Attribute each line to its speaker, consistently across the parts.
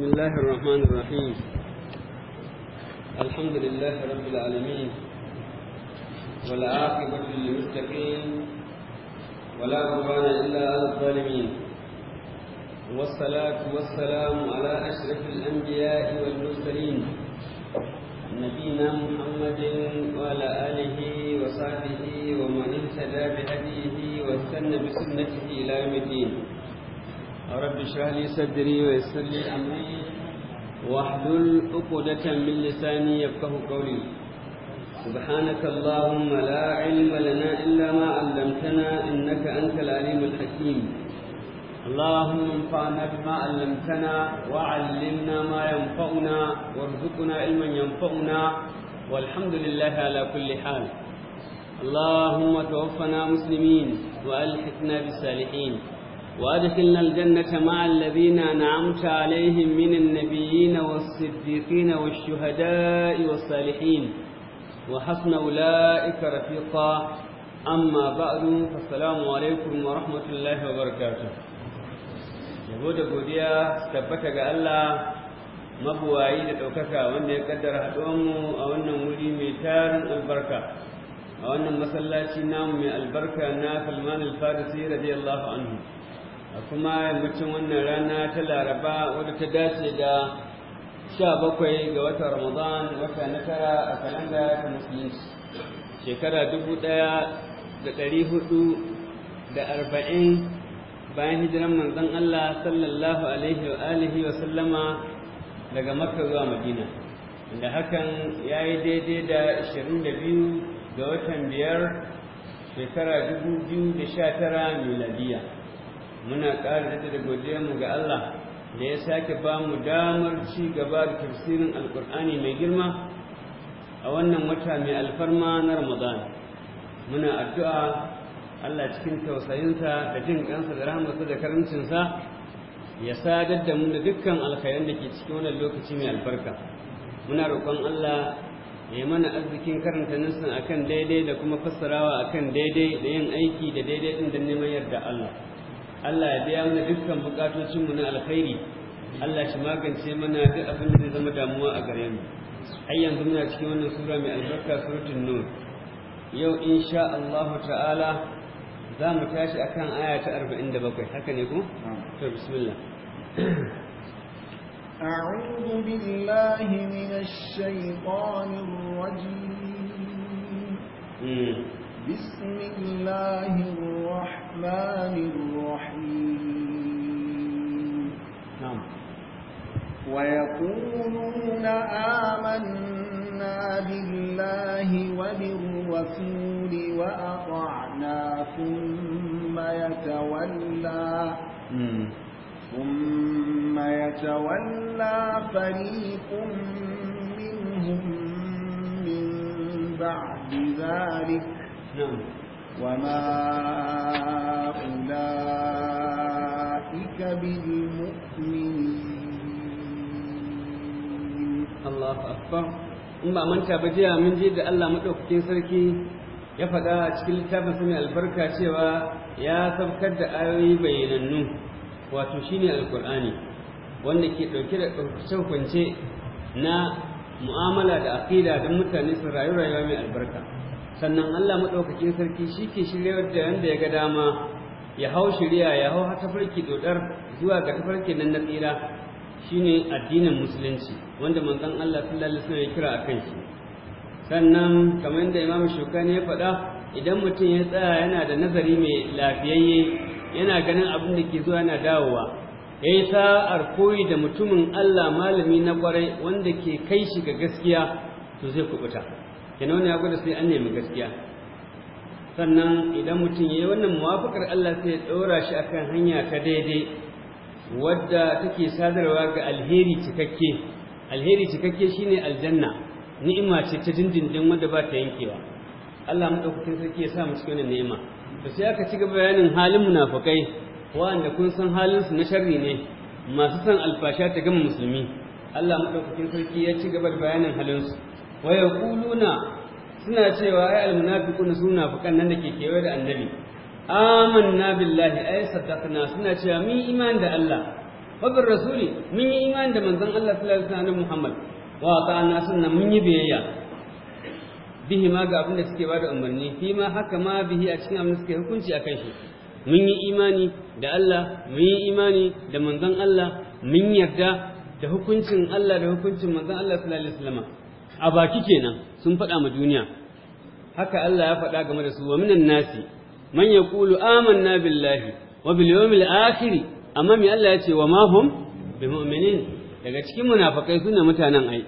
Speaker 1: بسم الله الرحمن الرحيم الحمد لله رب العالمين والعاقبة للمتقين ولا عدوان إلا على الظالمين والصلاة والسلام على أشرف الأنبياء والمرسلين نبينا محمد وعلى آله وصحبه ومن اهتدى بهديه واستنى بسنته إلى يوم الدين رب اشرح لي صدري ويسر لي امري واحلل عقدة من لساني يفقه قولي سبحانك اللهم لا علم لنا الا ما علمتنا انك انت العليم الحكيم اللهم انفعنا بما علمتنا وعلمنا ما ينفعنا وارزقنا علما ينفعنا والحمد لله على كل حال اللهم توفنا مسلمين والحقنا بالصالحين وأدخلنا الجنة مع الذين أنعمت عليهم من النبيين والصديقين والشهداء والصالحين وحسن أولئك رفيقا أما بعد فالسلام عليكم ورحمة الله وبركاته yabo da godiya tabbata ga Allah mabuwayi da ɗaukaka wanda ya kadar mu a wannan wuri mai tarin albarka a wannan masallaci namu mai albarka na Salman anhu a kuma yammacin wannan rana ta laraba wadda ta dace da sha bakwai ga watan ramadan wata na tara a kalanda ta musulunci shekara dubu ɗaya da dari hudu da arba'in bayan hijiran manzon Allah sallallahu alaihi wa alihi wa sallama daga makka zuwa madina da hakan ya yi daidai da ashirin da biyu ga watan biyar shekara dubu biyu da sha tara miladiyya muna ƙara da godiya mu ga Allah da ya sake ba mu damar ci gaba da tafsirin alkur'ani mai girma a wannan wata mai alfarma na ramadan muna addu'a Allah cikin tausayinsa da jin kansa da rahmarsa da karancinsa ya sadar da mu da dukkan alkhairan da ke cikin wannan lokaci mai alfarka. muna roƙon Allah ya mana arzikin karanta a akan daidai da kuma fassarawa akan daidai da yin aiki da daidai din da neman yarda Allah Allah ya biya mana dukkan bukatocin mu na alkhairi Allah shi magance mana duk abin da zai zama damuwa a gare mu ai yanzu muna cikin wannan sura mai albarka suratul nur yau insha Allah ta'ala za mu tashi akan aya ta 47 haka ne ko to bismillah
Speaker 2: أعوذ بالله من الشيطان الرجيم بسم الله الرحمن الرحيم نعم ويقولون آمنا بالله وبالرسول وأطعنا ثم يتولى ثم يتولى فريق منهم من بعد ذلك وما أولئك بالمؤمنين الله
Speaker 1: أكبر in ba manta ba jiya mun je da Allah madaukakin sarki ya faɗa a cikin littafin sa mai albarka cewa ya sabkar da ayoyi bayyanannu wato shine alqur'ani wanda ke ɗauke da hukunce-hukunce na mu'amala da aqida don mutane su rayu rayuwa mai albarka sannan Allah maɗaukakin sarki shi ke shiryar da yanda ya ga dama ya hau shirya ya hau ta farki dodar zuwa ga tafarki nan na tsira shine addinin musulunci wanda manzon Allah sallallahu alaihi ya kira a kan shi sannan kamar yadda Imam ne ya faɗa idan mutum ya tsaya yana da nazari mai lafiyayye yana ganin abin da ke zuwa yana dawowa ya yi sa'ar koyi da mutumin Allah malami na kwarai wanda ke kai shi ga gaskiya to zai kubuta kenan ya gwada sai an nemi gaskiya sannan idan mutum ya yi wannan muwafakar Allah sai ya ɗora shi akan hanya ta daidai wadda take sadarwa ga alheri cikakke alheri cikakke shine aljanna ni'ima ce ta dindindin wadda ba ta yankewa Allah madaukakin sarki ya sa mu cikin wannan ni'ima to sai aka ci gaba bayanin halin munafukai wanda kun san halin su na sharri ne masu son alfasha ta gama musulmi Allah maɗaukacin sarki ya ci gaba da bayanin halinsu. wa yaquluna suna cewa ai almunafiquna suna fukan nan da ke kewaye da annabi amanna billahi ai saddaqna suna cewa mun iman da Allah wa bir rasuli mun yi iman da manzon Allah sallallahu alaihi wasallam Muhammad wa ta'ana sunna mun yi biyayya bihi ma ga abin da suke bada umarni fi ma haka ma bihi a cikin abin da suke hukunci akan shi mun yi imani da Allah mun yi imani da manzon Allah mun yarda da hukuncin Allah da hukuncin manzon Allah sallallahu alaihi wasallam a baki kenan sun faɗa ma duniya haka Allah ya faɗa game da su wa minan nasi man yaqulu amanna billahi wa bil yawmil akhir amma mi Allah ya ce wa ma hum bimu'minin daga cikin munafikai suna mutanen ai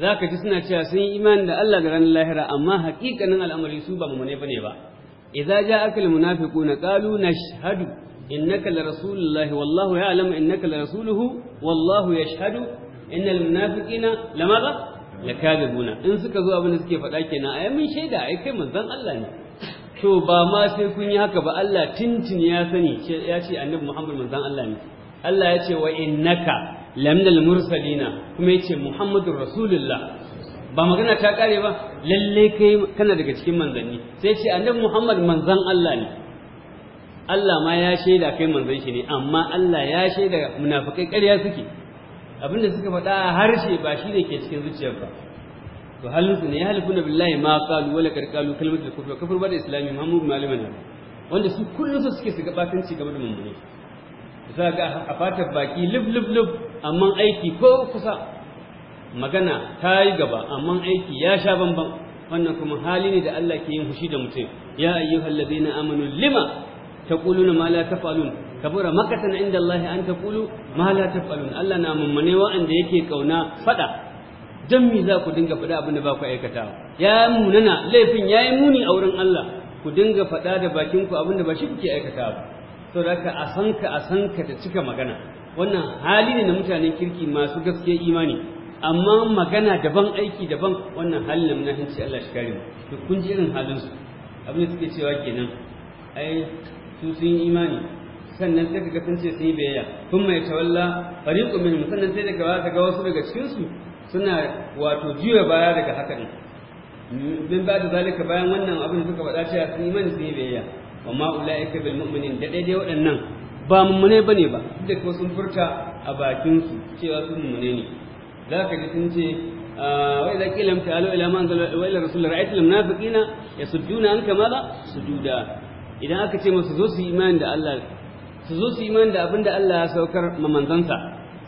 Speaker 1: zaka ji suna cewa sun yi imani da Allah da ranar lahira amma haƙiƙanin al'amari su ba mu ne bane ba idza ja'aka al munafiquna qalu nashhadu innaka la rasulullahi wallahu ya'lamu innaka la rasuluhu wallahu yashhadu innal munafiqina lamaza lakadibuna in suka zo abin da suke faɗa kenan ai mun shaida ai kai manzon Allah ne to ba ma sai kun yi haka ba Allah tintin ya sani ya ce annabi Muhammad manzon Allah ne Allah ya ce wa innaka lamnal mursalina kuma ya ce Muhammadur rasulullah ba magana ta kare ba lalle kai kana daga cikin manzanni sai ce annabi Muhammad manzon Allah ne Allah ma ya shaida kai manzon shi ne amma Allah ya shaida munafikai ƙarya suke abin da suka faɗa a harshe ba shi ne ke cikin zuciyar ba to halinsu ne ya na billahi ma kalu wala karqalu kalmatul kufr kafir bada islami mahmud maliman wanda su kullum su suke su gabatanci game da mummune za ga a fatar baki lub lub lub amma aiki ko kusa magana ta yi gaba amma aiki ya sha bamban wannan kuma hali ne da Allah ke yin fushi da mutum ya ayyuhal ladina amanu lima taquluna ma la tafalun kabura makatan inda Allah an kulu ma la taf'alun Allah na mummune wa'anda yake kauna fada dan me za dinga fada abin da ba aikatawa ya munana laifin yayi muni a wurin Allah ku dinga faɗa da bakin ku abin da ba kuke aikatawa ba saboda a sanka a sanka cika magana wannan hali ne na mutanen kirki masu gaske imani amma magana daban aiki daban wannan hali na munafinci Allah shi kare mu to kun ji irin halin su abin da yi cewa kenan ai su imani sannan sai kaga sun ce sun yi biyayya kun mai tawalla fariqu min sannan sai daga ga wasu daga cikin su suna wato jiwa baya daga haka ne min ba da zalika bayan wannan abin suka faɗa cewa sun yi mani sun yi biyayya amma ulaika bil mu'minin da daidai waɗannan ba mummune bane ba duk da sun furta a bakin su cewa sun mummune ne zaka ji sun ce وإذا قيل لهم تعالوا إلى ما أنزل وإلى الرسول رأيت المنافقين Idan عنك ce سجودا zo su yi imani da Allah. su zo su imani da abin da Allah ya saukar ma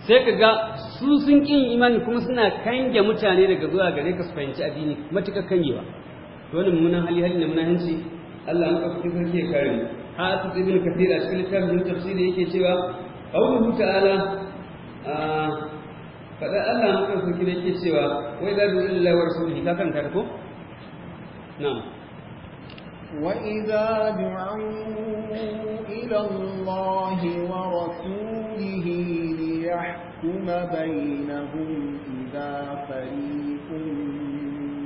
Speaker 1: sai ka ga su sun kin imani kuma suna kange mutane daga zuwa gare ka su fahimci addini matuƙar kangewa wani mummunan hali hali na munahanci Allah ya kafa kisan ke kare mu ha asu ibn kathir a cikin littafin tafsiri yake cewa qawluhu ta'ala fada Allah ya kafa kisan yake cewa wai da illa wa rasulihi ka kan ko na'am
Speaker 2: وإذا دعوا إلى الله ورسوله ليحكم بينهم إذا فريق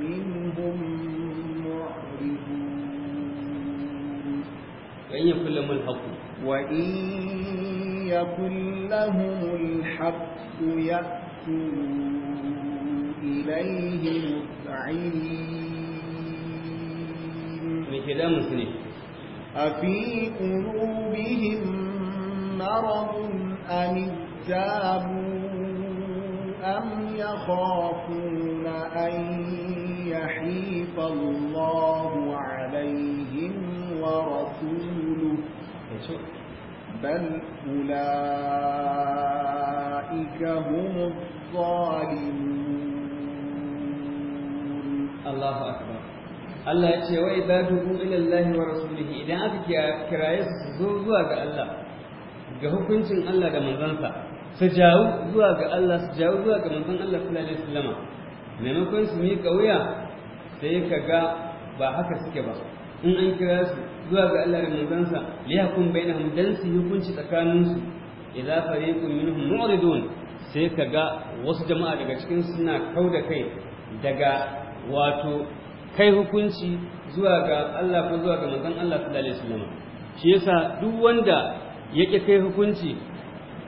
Speaker 2: منهم معرضون وإن يكن لهم الحق وإن يكن لهم الحق يأتوا إليه مذعنين مثل مثله أفي قلوبهم مرض أم اتابوا أم يخافون أن يحيف الله عليهم ورسوله بل أولئك هم الظالمون
Speaker 1: الله أكبر Allah ya ce wa ibadu ila Allah wa rasulihi idan aka kiraye su su zo zuwa ga Allah ga hukuncin Allah da manzansa su jawo zuwa ga Allah su jawo zuwa ga manzon Allah sallallahu alaihi wasallam maimakon su mi kauya sai ka ga ba haka suke ba in an kira su zuwa ga Allah da manzansa li yakum bainahum dan su hukunci tsakaninsu idza fariqun minhum mu'ridun sai ka ga wasu jama'a daga cikin suna kauda kai daga wato kai hukunci zuwa ga Allah ko zuwa ga manzon Allah sallallahu alaihi wasallam shi yasa duk wanda yake kai hukunci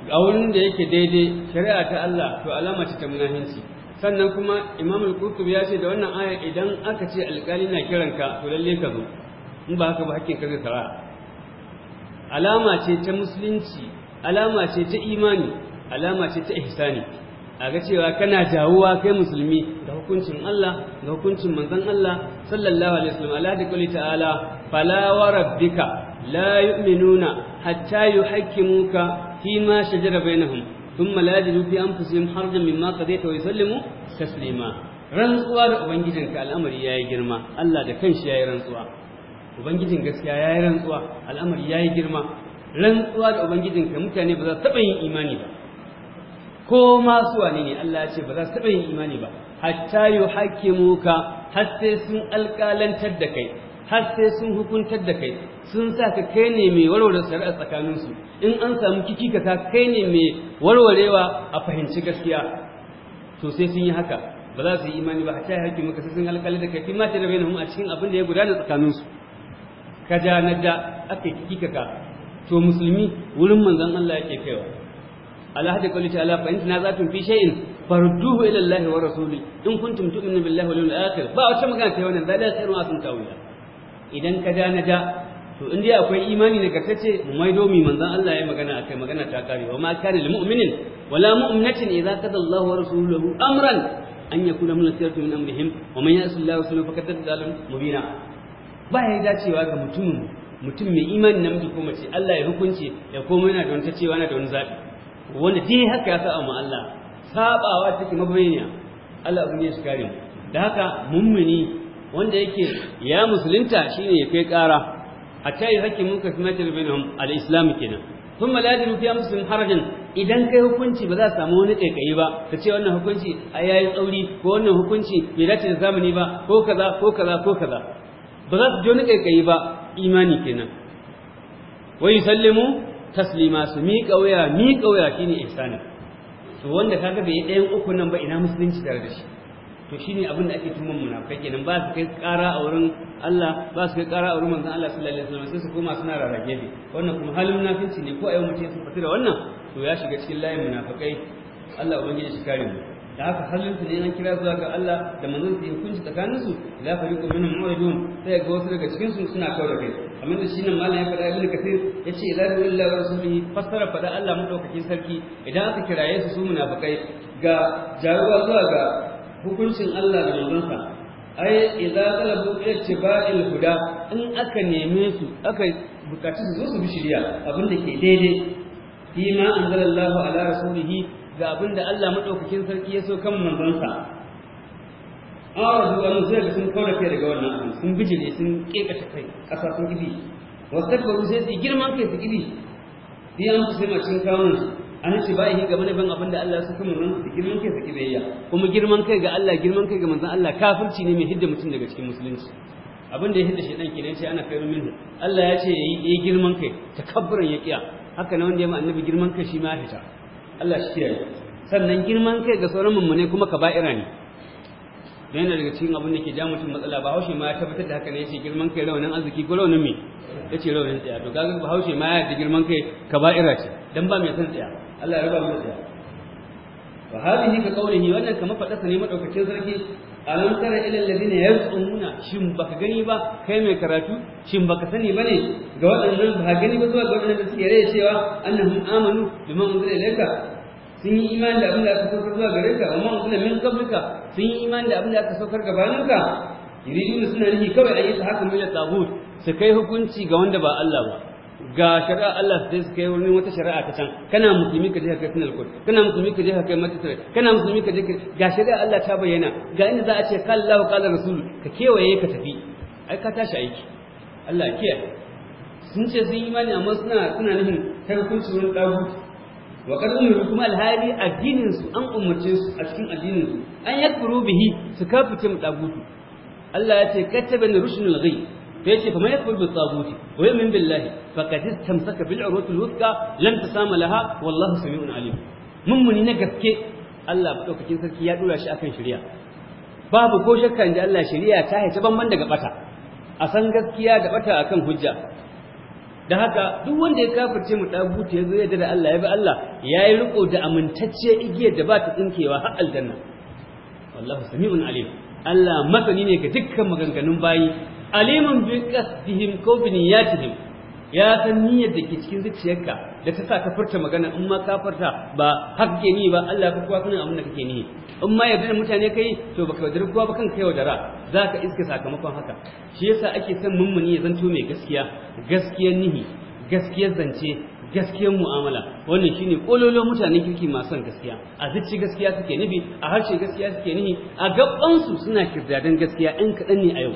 Speaker 1: ga wurin da yake daidai shari'a ta Allah to alama ce ta munafinci sannan kuma Imam al-Qurtubi ya ce da wannan aya idan aka ce alƙali na kiranka to lalle ka zo in ba haka ba hakkin ka zai tsara alama ce ta musulunci alama ce ta imani alama ce ta ihsani a ga cewa kana jawuwa kai musulmi ga hukuncin Allah ga hukuncin manzon Allah sallallahu alaihi wasallam ala da kulli ta'ala fala wa rabbika la yu'minuna hatta yuhaqqimuka fi ma shajara bainahum thumma la yajidu fi anfusihim harajan mimma qadaita wa yusallimu taslima rantsuwa da ubangijinka al'amari yayi girma Allah da kanshi yayi rantsuwa ubangijin gaskiya yayi rantsuwa al'amari yayi girma rantsuwa da ubangijinka mutane ba za su taba yin imani ba ko ma su wane ne Allah ya ce ba za su taɓa yin imani ba hatta yuhaqqimuka har sai sun alƙalantar da kai har sai sun hukuntar da kai sun sa ka kai ne mai warware shari'a tsakaninsu in an samu kiki ka kai ne mai warwarewa a fahimci gaskiya to sai sun yi haka ba za su yi imani ba hatta haƙi maka sai sun alƙalantar da kai fi mata da bainahum a cikin abin da ya gudana tsakaninsu ka ja na da aka kiki ka to musulmi wurin manzon Allah yake kaiwa ala hadi qawli ta'ala fa in tanazatum fi shay'in farduhu ila in kuntum tu'minu billahi wal yawmil akhir ba wata magana ta wannan zalika khairun asun tawila idan ka da na da to in dai akwai imani ne karkace mu maido mi manzon Allah ya magana akai magana ta kare wa ma kana lil mu'minin wala mu'minatin idza qada Allah wa rasuluhu amran an yakuna min siratu min wa mubina ba ya dacewa mutum mutum mai imani namiji ko mace Allah ya hukunce ya koma yana da wani ta cewa yana da wani zabi wani dai haka ya sa ma Allah sabawa take mabayaniya Allah abin ya kare mu da haka mummuni wanda yake ya musulunta shine ya kai kara A yi muka mun ka kuma tilbinhum al-islam kenan thumma la yadiru fiya muslim harajin idan kai hukunci ba za a samu wani kaikayi ba ka ce wannan hukunci a yayin tsauri ko wannan hukunci bai dace da zamani ba ko kaza ko kaza ko kaza ba za su ji wani kaikayi ba imani kenan wa sallimu taslima su miƙa wuya miƙa wuya shine ihsani to wanda kaga bai ɗayan uku nan ba ina musulunci tare da shi to shine abin da ake tuman munafiki kenan ba su kai ƙara a wurin Allah ba su kai ƙara a wurin manzon Allah sallallahu alaihi wasallam sai su koma suna rarrage ne wannan kuma halin munafici ne ko a yau mutum ya fita da wannan to ya shiga cikin layin munafikai Allah ubangiji shi kare mu da haka halinsu ne an kira zuwa ga Allah da manzon su hukunci tsakanin su la fariqu minhum mu'ridun sai ga wasu daga cikin su suna kawo da kai kamar da shi nan malam ya fada ibn kasir yace la ilaha illa rasulihi fasara fada Allah madaukakin sarki idan aka kiraye su su munafikai ga jaruwa zuwa ga hukuncin Allah da sa ai idza talabu ittiba'il huda in aka neme su aka bukaci su zo su bi shari'a abin da ke daidai fima anzalallahu ala rasulihi ga abin da Allah maɗaukakin sarki ya so kan manzansa awa zuwa mun sai sun kaurace daga wannan abin sun bijile sun kekata kai ƙasa sun gibi wastakbaru sai su girman kai su gibi
Speaker 2: sai an fi sai macin kawun su an ce ba yi
Speaker 1: game da ban abin da Allah su kan manzansa su girman kai su kibiyayya kuma girman kai ga Allah girman kai ga manzan Allah kafirci ne mai hidda mutum daga cikin musulunci abin da ya hidda shaidan kenan sai ana kai min Allah ya ce yi girman kai takabburan ya kiya haka na wanda ya ma annabi girman kai shi ma ya fita Allah shi kiyaye sannan girman kai ga sauran mummune kuma ka ba ne don yana daga cikin abin da ke ja mutum matsala ba haushe ma ya tabbatar da haka ne yace girman kai raunin arziki ko raunin me yace raunin tsaya to kaga ba haushe ma ya yarda girman kai ka ira ce dan ba mai san tsaya Allah ya raba mu da tsaya wa hadhihi ka qawlihi wannan kamar fadarsa ne madaukakin sarki alam tara ila alladhina yaz'umuna shin baka gani ba kai mai karatu shin baka sani bane ga waɗannan ba gani ba zuwa ga waɗannan da suke rai cewa annahum amanu bima unzila ilayka sun yi imani da abin da aka saukar zuwa gare ka amma unzila min qablika sun yi imani da abin da aka saukar gabanin ka yuridun suna nihi kawai an yi haka mila tabut su kai hukunci ga wanda ba Allah ba ga shari'a Allah sai suka yi wurin wata shari'a ta can kana musulmi ka je ka tunal kod kana musulmi ka je ka kai kana musulmi ka je ga shari'a Allah ta bayyana ga inda za a ce qala Allahu qala rasul ka kewaye ka tafi ai ka tashi aiki Allah kiyaye sun ce sun yi imani amma suna suna nufin kun ci wani dagu wa kad umiru kuma alhali addinin su an umarce su a cikin addinin su an yakuru bihi su kafirce mu dagutu Allah ya ce katabana rusulul ghaib sai ce fa man yakfur bi tsaguti wa yu'min billahi faqad istamsaka bil urwati al-wuthqa lam tasama laha wallahu sami'un alim mummuni na gaske Allah madaukakin sarki ya dora shi akan shari'a babu ko shakka inda Allah shari'a ta haice banban daga bata a san gaskiya da bata akan hujja da haka duk wanda ya kafirce mu daguti ya zo yadda da Allah ya bi Allah yayi riko da amintacce igiyar da ba ta tsinkewa har aljanna wallahu sami'un alim Allah masani ne ga dukkan maganganun bayi aliman bi qasdihim ko bi niyyatihim ya san niyyar da ke cikin zuciyarka da ta sa ka furta magana in ma ka furta ba hakke ni ba Allah ka kuwa kana abin da kake nihi in ma yarda da mutane kai to baka yaudar kuwa ba kanka dara za ka iska sakamakon haka shi yasa ake son mummuni ya zanto mai gaskiya gaskiyar nihi gaskiyar zance gaskiyar mu'amala wannan shine kololo mutanen kirki masu son gaskiya a zuci gaskiya suke nibi a harshe gaskiya suke nihi a gaban su suna kirdadan gaskiya in kaɗan ne a yau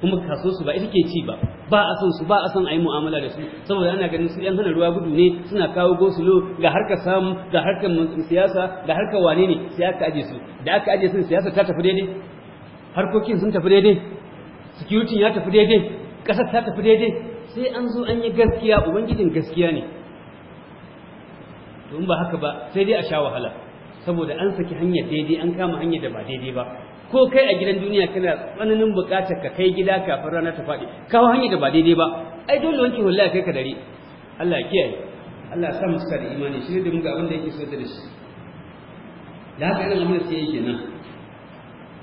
Speaker 1: kuma kaso su ba ita ke ci ba ba a son su ba a son a yi mu'amala da su saboda ana ganin su yan hana ruwa gudu ne suna kawo gosulo ga harkar samu ga harkar siyasa ga harkar wane ne sai aka aje su da aka aje su siyasa ta tafi daidai harkokin sun tafi daidai security ya tafi daidai kasar ta tafi daidai sai an zo an yi gaskiya ubangijin gaskiya ne to in ba haka ba sai dai a sha wahala saboda an saki hanyar daidai an kama hanyar da ba daidai ba ko kai a gidan duniya kana tsananin bukatar ka kai gida kafin rana ta faɗi kawo hanyar da ba daidai ba ai dole wanke wallahi kai ka dare Allah ya kiyaye Allah ya sa mu da imani shi da muka abin da yake so da shi da haka ina abin sai yake nan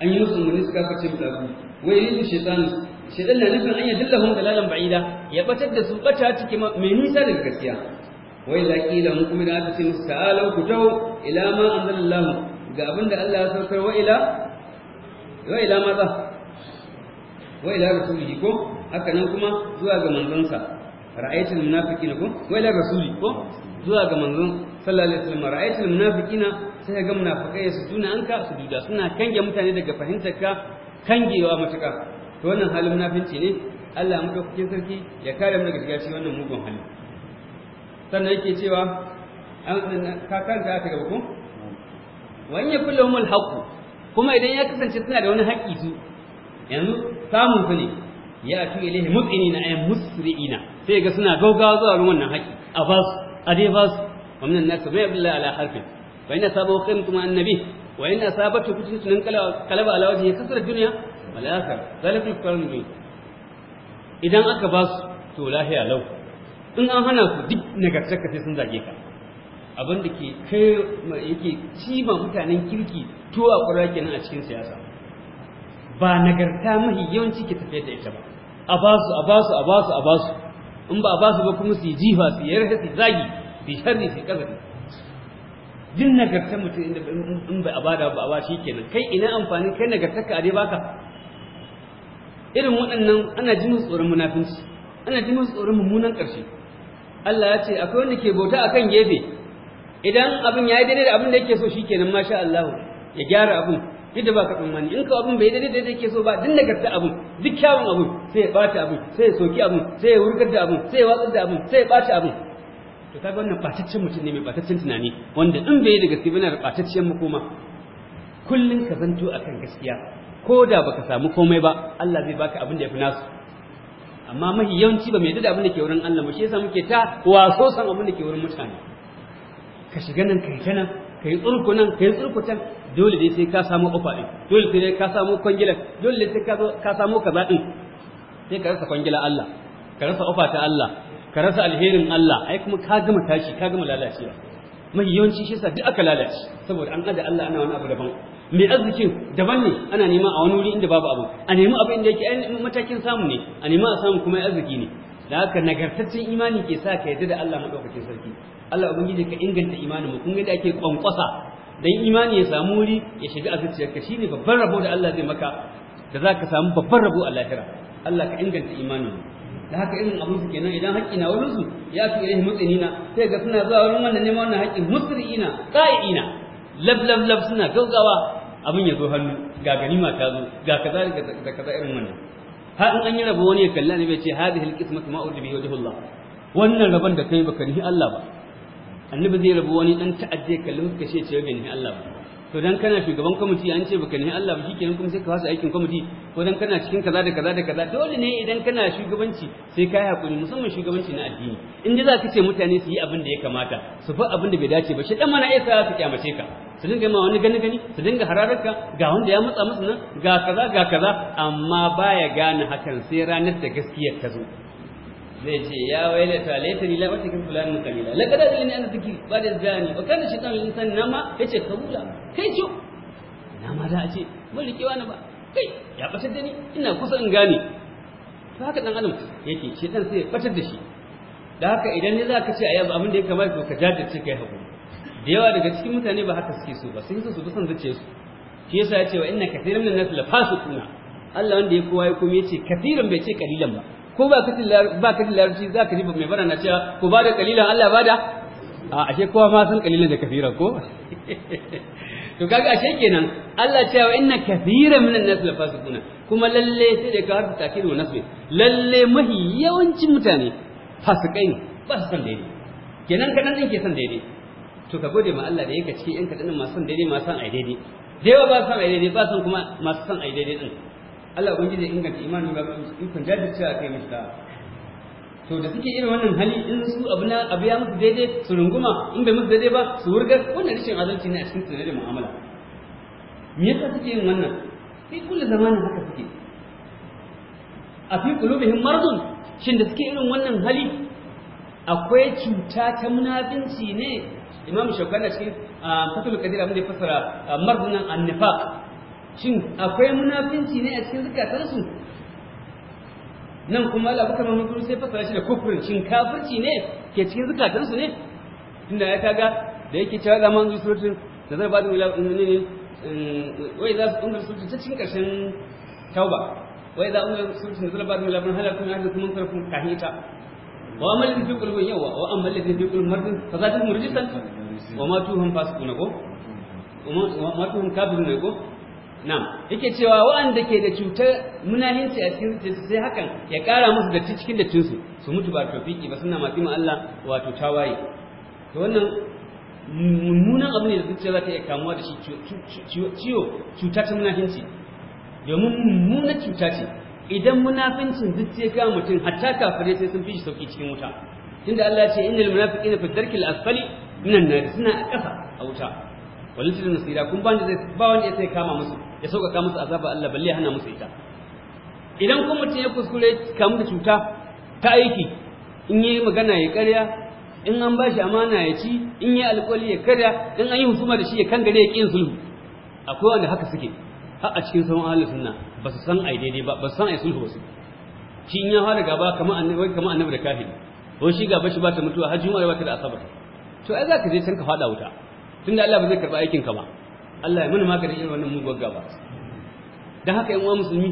Speaker 1: an yi musu mun suka kace da su wai yin shi shaytan na nufin an yadillahum dalalan ba'ida ya batar da su bata cikin mai nisa daga gaskiya wai la kila mun kuma da aka ce musu ta'alu ku tawo ila ma anzalallahu ga abin da Allah ya saukar wa ila wa ila maza wa ila rasuli ko haka nan kuma zuwa ga manzonsa ra'aytul munafiqina ko wa ila rasuli ko zuwa ga manzon sallallahu alaihi wasallam ra'aytul munafiqina sai ga munafiqai su tuna anka su duda suna kange mutane daga fahimtar ka kangewa mutaka to wannan halin munafici ne Allah madaukakin sarki ya kare mu daga shiga cikin wannan mugun hali sannan yake cewa an ka kanta aka ga ko wa in yakul lahumul kuma idan ya kasance suna da wani haƙƙi su yanzu samun su ne ya atu ilaihi mutsini na ayan musri'ina sai ga suna gaugawa zuwa ruwan wannan haƙƙi a ba su a dai ba su wa minan nasu mai abin ala harfin wa ina sabo kan kuma annabi wa ina sabatu kucin sunan kalaba ala wajhi kasar duniya wal akhir zalikul qarn idan aka ba su to lahiya lau in an hana su duk nagartar sai sun zage ka abin da ke kai yake cima mutanen kirki tuwa ƙwarar kenan a cikin siyasa ba nagarta mahi yawanci ke tafiya da ita ba a basu a basu a basu a basu in ba a basu ba kuma su yi jifa su yi rahe su zagi su sharri su ne. din nagarta mutum inda in ba a bada ba ba shi kenan kai ina amfani kai nagarta ka dai baka irin waɗannan ana jin tsoron munafinci ana jin tsoron mummunan ƙarshe Allah ya ce akwai wanda ke bauta akan gefe idan abin ya yi daidai da abin da yake so shi kenan masha Allah ya gyara abin duk da ka tsammani in ka abin bai yi daidai da yake so ba duk nagarta abin duk kyawun abin sai ya bata abin sai ya soki abin sai ya wurgar da abin sai ya watsar da abin sai ya bata abin to kaga wannan bataccen mutum ne mai bataccen tunani wanda in bai yi da gaske bana da bataccen makoma kullun ka zanto akan gaskiya ko da baka samu komai ba Allah zai baka abin da yafi nasu amma mahi yawanci ba mai da abin da ke wurin Allah ba shi yasa muke ta waso san abin da ke wurin mutane ka shiga nan kai ta nan ka yi tsurku nan ka yi tsurku can dole dai sai ka samu ofa dole sai ka samu kwangila dole sai ka samu kaza ɗin sai ka rasa kwangila Allah ka rasa ofa ta Allah ka rasa alherin Allah ai kuma ka gama tashi ka gama lalacewa mai yawanci shi sa duk aka lalace saboda an ada Allah ana wani abu daban mai arzikin daban ne ana nema a wani wuri inda babu abu a nemi abu inda yake matakin samu ne a nemi a samu kuma arziki ne da haka nagartaccen imani ke sa ka yadda da Allah madaukakin sarki Allah ubangiji ka inganta imaninmu mu kun ga da ake kwankwasa dan imani ya samu wuri ya shiga a zuciyarka shine babban rabo da Allah zai maka da ka samu babban rabo a lahira Allah ka inganta imaninmu. da haka irin abin su kenan idan haƙƙi na wurin su ya fi ilaihi mutsinina sai ga suna zuwa wurin wannan neman wannan haƙƙin musri'ina qa'iina lab lab lab suna gaugawa abin ya zo hannu ga ganima ta zo ga kaza da kaza irin wannan har in an yi rabo wani ya kalla ne bai ce hadhihi alqismatu ma'ud wajhullah wannan rabon da kai baka nihi Allah ba annabi zai rabu wani dan ta'adda kallon ka ce ce ga ni Allah ba to dan kana shugaban kwamiti an ce baka nemi Allah ba shikenan kuma sai ka fasa aikin kwamiti ko dan kana cikin kaza da kaza da kaza dole ne idan kana shugabanci sai ka yi hakuri musamman shugabanci na addini in dai ka ce mutane su yi abin da ya kamata su fa abin da bai dace ba shi dan mana iya za su kyamace ka su dinga ma wani gani gani su dinga hararka ga wanda ya matsa musu nan ga kaza ga kaza amma baya gane hakan sai ranar da gaskiyar ta zo zai ce ya wailata laitani la atakin fulanin kalila laqad adallani an tiki ba da zani ba kana shaytan lil insan nama yace kabula kai ce na ma za a ce ban rike wani ba kai ya fata da ni ina kusa in gane to haka dan adam yake shaytan sai ya fatar da shi da haka idan ne zaka ce ayyaba abin da ya kamata to ka jajirce kai hakuri da yawa daga cikin mutane ba haka suke so ba sun so su san zuciyar su shi yasa ya ce wa inna kathiran minan nas la fasiquna Allah wanda ya kowa ya kuma yace kathiran bai ce kalilan ba ko ba ka ba ka larabci za ka riba mai bara na cewa ko ba da kalilan Allah ba da a ashe kowa ma san kalilan da kafira ko to kaga ashe kenan Allah cewa inna kathira minan nas la fasiquna kuma lalle sai da ka harfi takiri wa nasbi lalle mahi yawancin mutane fasikai ne ba su san daidai kenan kadan din ke san daidai to ka gode ma Allah da yake cikin yan kadan masu san daidai masu san ai daidai da yawa ba san ai daidai ba san kuma masu san ai daidai din Allah ubangiji zai inganta imanin ba su ikon a kai mishi da to da suke irin wannan hali in su abu na abu ya musu daidai su runguma in bai musu daidai ba su wurga wannan rashin adalci ne a cikin tsare da mu'amala me yasa suke yin wannan sai kullu zamanin haka suke a fi qulubihim maradun shin da suke irin wannan hali akwai cuta ta munafinci ne imam shaukana cikin fatul kadir abin da ya fassara Annifa. shin akwai munafinci ne a cikin zukatansu nan kuma Allah baka mamman sai fasara shi da kufrin shin kafirci ne ke cikin zukatansu ne tunda ya kaga da yake cewa da manzo surutun da zai bada wula ne wai za su umar surutun ta cikin ƙarshen tauba wai za umar surutun da zai bada wula ban halakun ya kuma sarfin kahita wa amma lafi fi kulubin yawa wa amma lafi fi kulubin martin fa za ta murjisan wa ma tuhun fasikuna ko wa ma tuhun kafirun ne ko nan yake cewa waɗanda ke da cutar munahinci a cikin sai hakan ya ƙara musu da cikin cinsu su mutu ba tofiki ba suna masu Allah wato tawaye. To wannan mummunan abu ne da zuciya za ta iya kamuwa da shi ciwo cuta ta munafinci. Domin mummunan cuta ce idan munafincin zuciya ga mutum hatta kafirai sai sun fi shi sauki cikin wuta. Tunda Allah ce innal munafiqina fi darkil asfali minan nar suna a ƙasa a wuta. Wallahi da nasira kun ba wanda zai kama musu ya sauƙaƙa musu azaba Allah balle ya hana musu ita idan kuma mutum ya kuskure kamu da cuta ta aiki in yi magana ya karya in an ba shi amana ya ci in yi alkoli ya karya in an yi husuma da shi ya kan gare ya ƙin sulhu akwai wanda haka suke har a cikin sauran ahlus sunna ba su san ai daidai ba ba su san ai sulhu ba su shi in ya fara gaba kamar annabi kamar annabi da kafin ko shi gaba shi ba ta mutuwa har juma'a ba ta da asabar to ai za ka je can ka fada wuta tunda Allah ba zai karba aikin ka ba Allah ya mana maganin irin wannan mugun gaba don haka yan uwa musulmi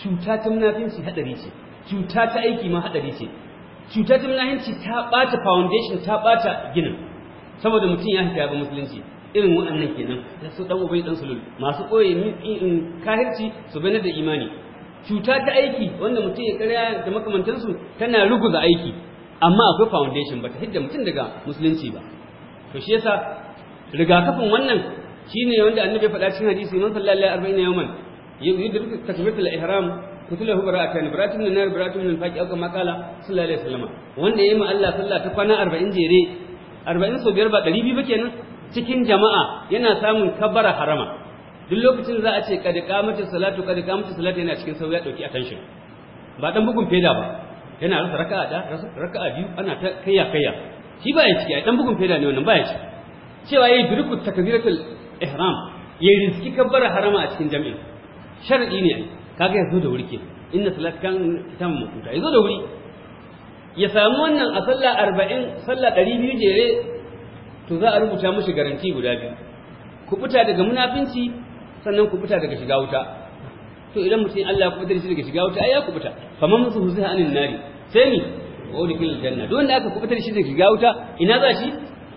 Speaker 1: cuta ta munafinci hadari ce cuta ta aiki ma hadari ce cuta ta munafinci ta bata foundation ta bata ginin saboda mutum ya fita ga musulunci irin waɗannan kenan da su dan ubai dan sulul masu koyi in kahirci su bane da imani cuta ta aiki wanda mutum ya karya da makamantansu tana ruguza aiki amma akwai foundation ba ta hidda mutum daga musulunci ba to shi yasa rigakafin wannan shine wanda annabi faɗa cikin hadisi man sallallahu alaihi yawman yudrik takbiratul ihram kutulahu bara'atan bara'atun min nar bara'atun min faqi auka maqala sallallahu alaihi wasallam wanda yayi ma Allah sallah ta kwana 40 jere 40 so biyar ba 200 ba kenan cikin jama'a yana samun kabara harama duk lokacin za a ce kad qamatu salatu kad qamatu salatu yana cikin sauya dauki attention ba dan bugun feda ba yana rasa raka'a da raka'a biyu ana ta kayya kayya shi ba ya ciki dan bugun feda ne wannan ba ya cewa yayi durku takbiratul ihram ya riski kabbara harama a cikin jami'in sharadi ne kaga ya zo da wuri ke inna salatkan kan kitab mafuta ya zo da wuri ya samu wannan a sallah arba'in sallah ɗari biyu jere to za a rubuta mashi garanti guda biyu ku fita daga munafinci sannan ku fita daga shiga wuta to idan mutum Allah ya kubuta shi daga shiga wuta ai ya kubuta faman musu huzi anin nari sai ni wa udkhil janna duk wanda aka kubuta shi daga shiga wuta ina za shi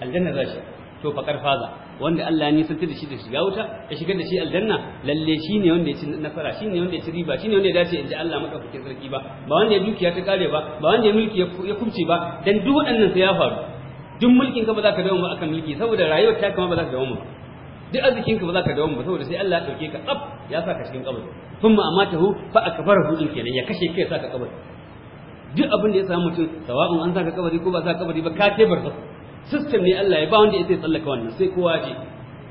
Speaker 1: aljanna za shi to faqar faza wanda Allah ya nisantar da shi da shiga wuta ya shigar da shi aljanna lalle shi ne wanda ya ci nasara shi ne wanda ya ci riba shi ne wanda ya dace in ji Allah madaukakin sarki ba ba wanda ya dukiya ta kare ba ba wanda ya mulki ya kubce ba dan duk waɗannan sai ya faru duk mulkin ka ba za ka dawo ba akan mulki saboda rayuwar ta kama ba za ka dawo ba duk arzikin ka ba za ka dawo ba saboda sai Allah ya dauke ka tsaf ya sa ka cikin kabari kun ma amatahu fa akbarahu din kenan ya kashe kai ya sa ka kabari duk abin da ya samu mutum sawa'un an sa ka kabari ko ba sa kabari ba ka tebar sa system ne Allah ya ba wanda ya sai tsallaka wannan sai kowa je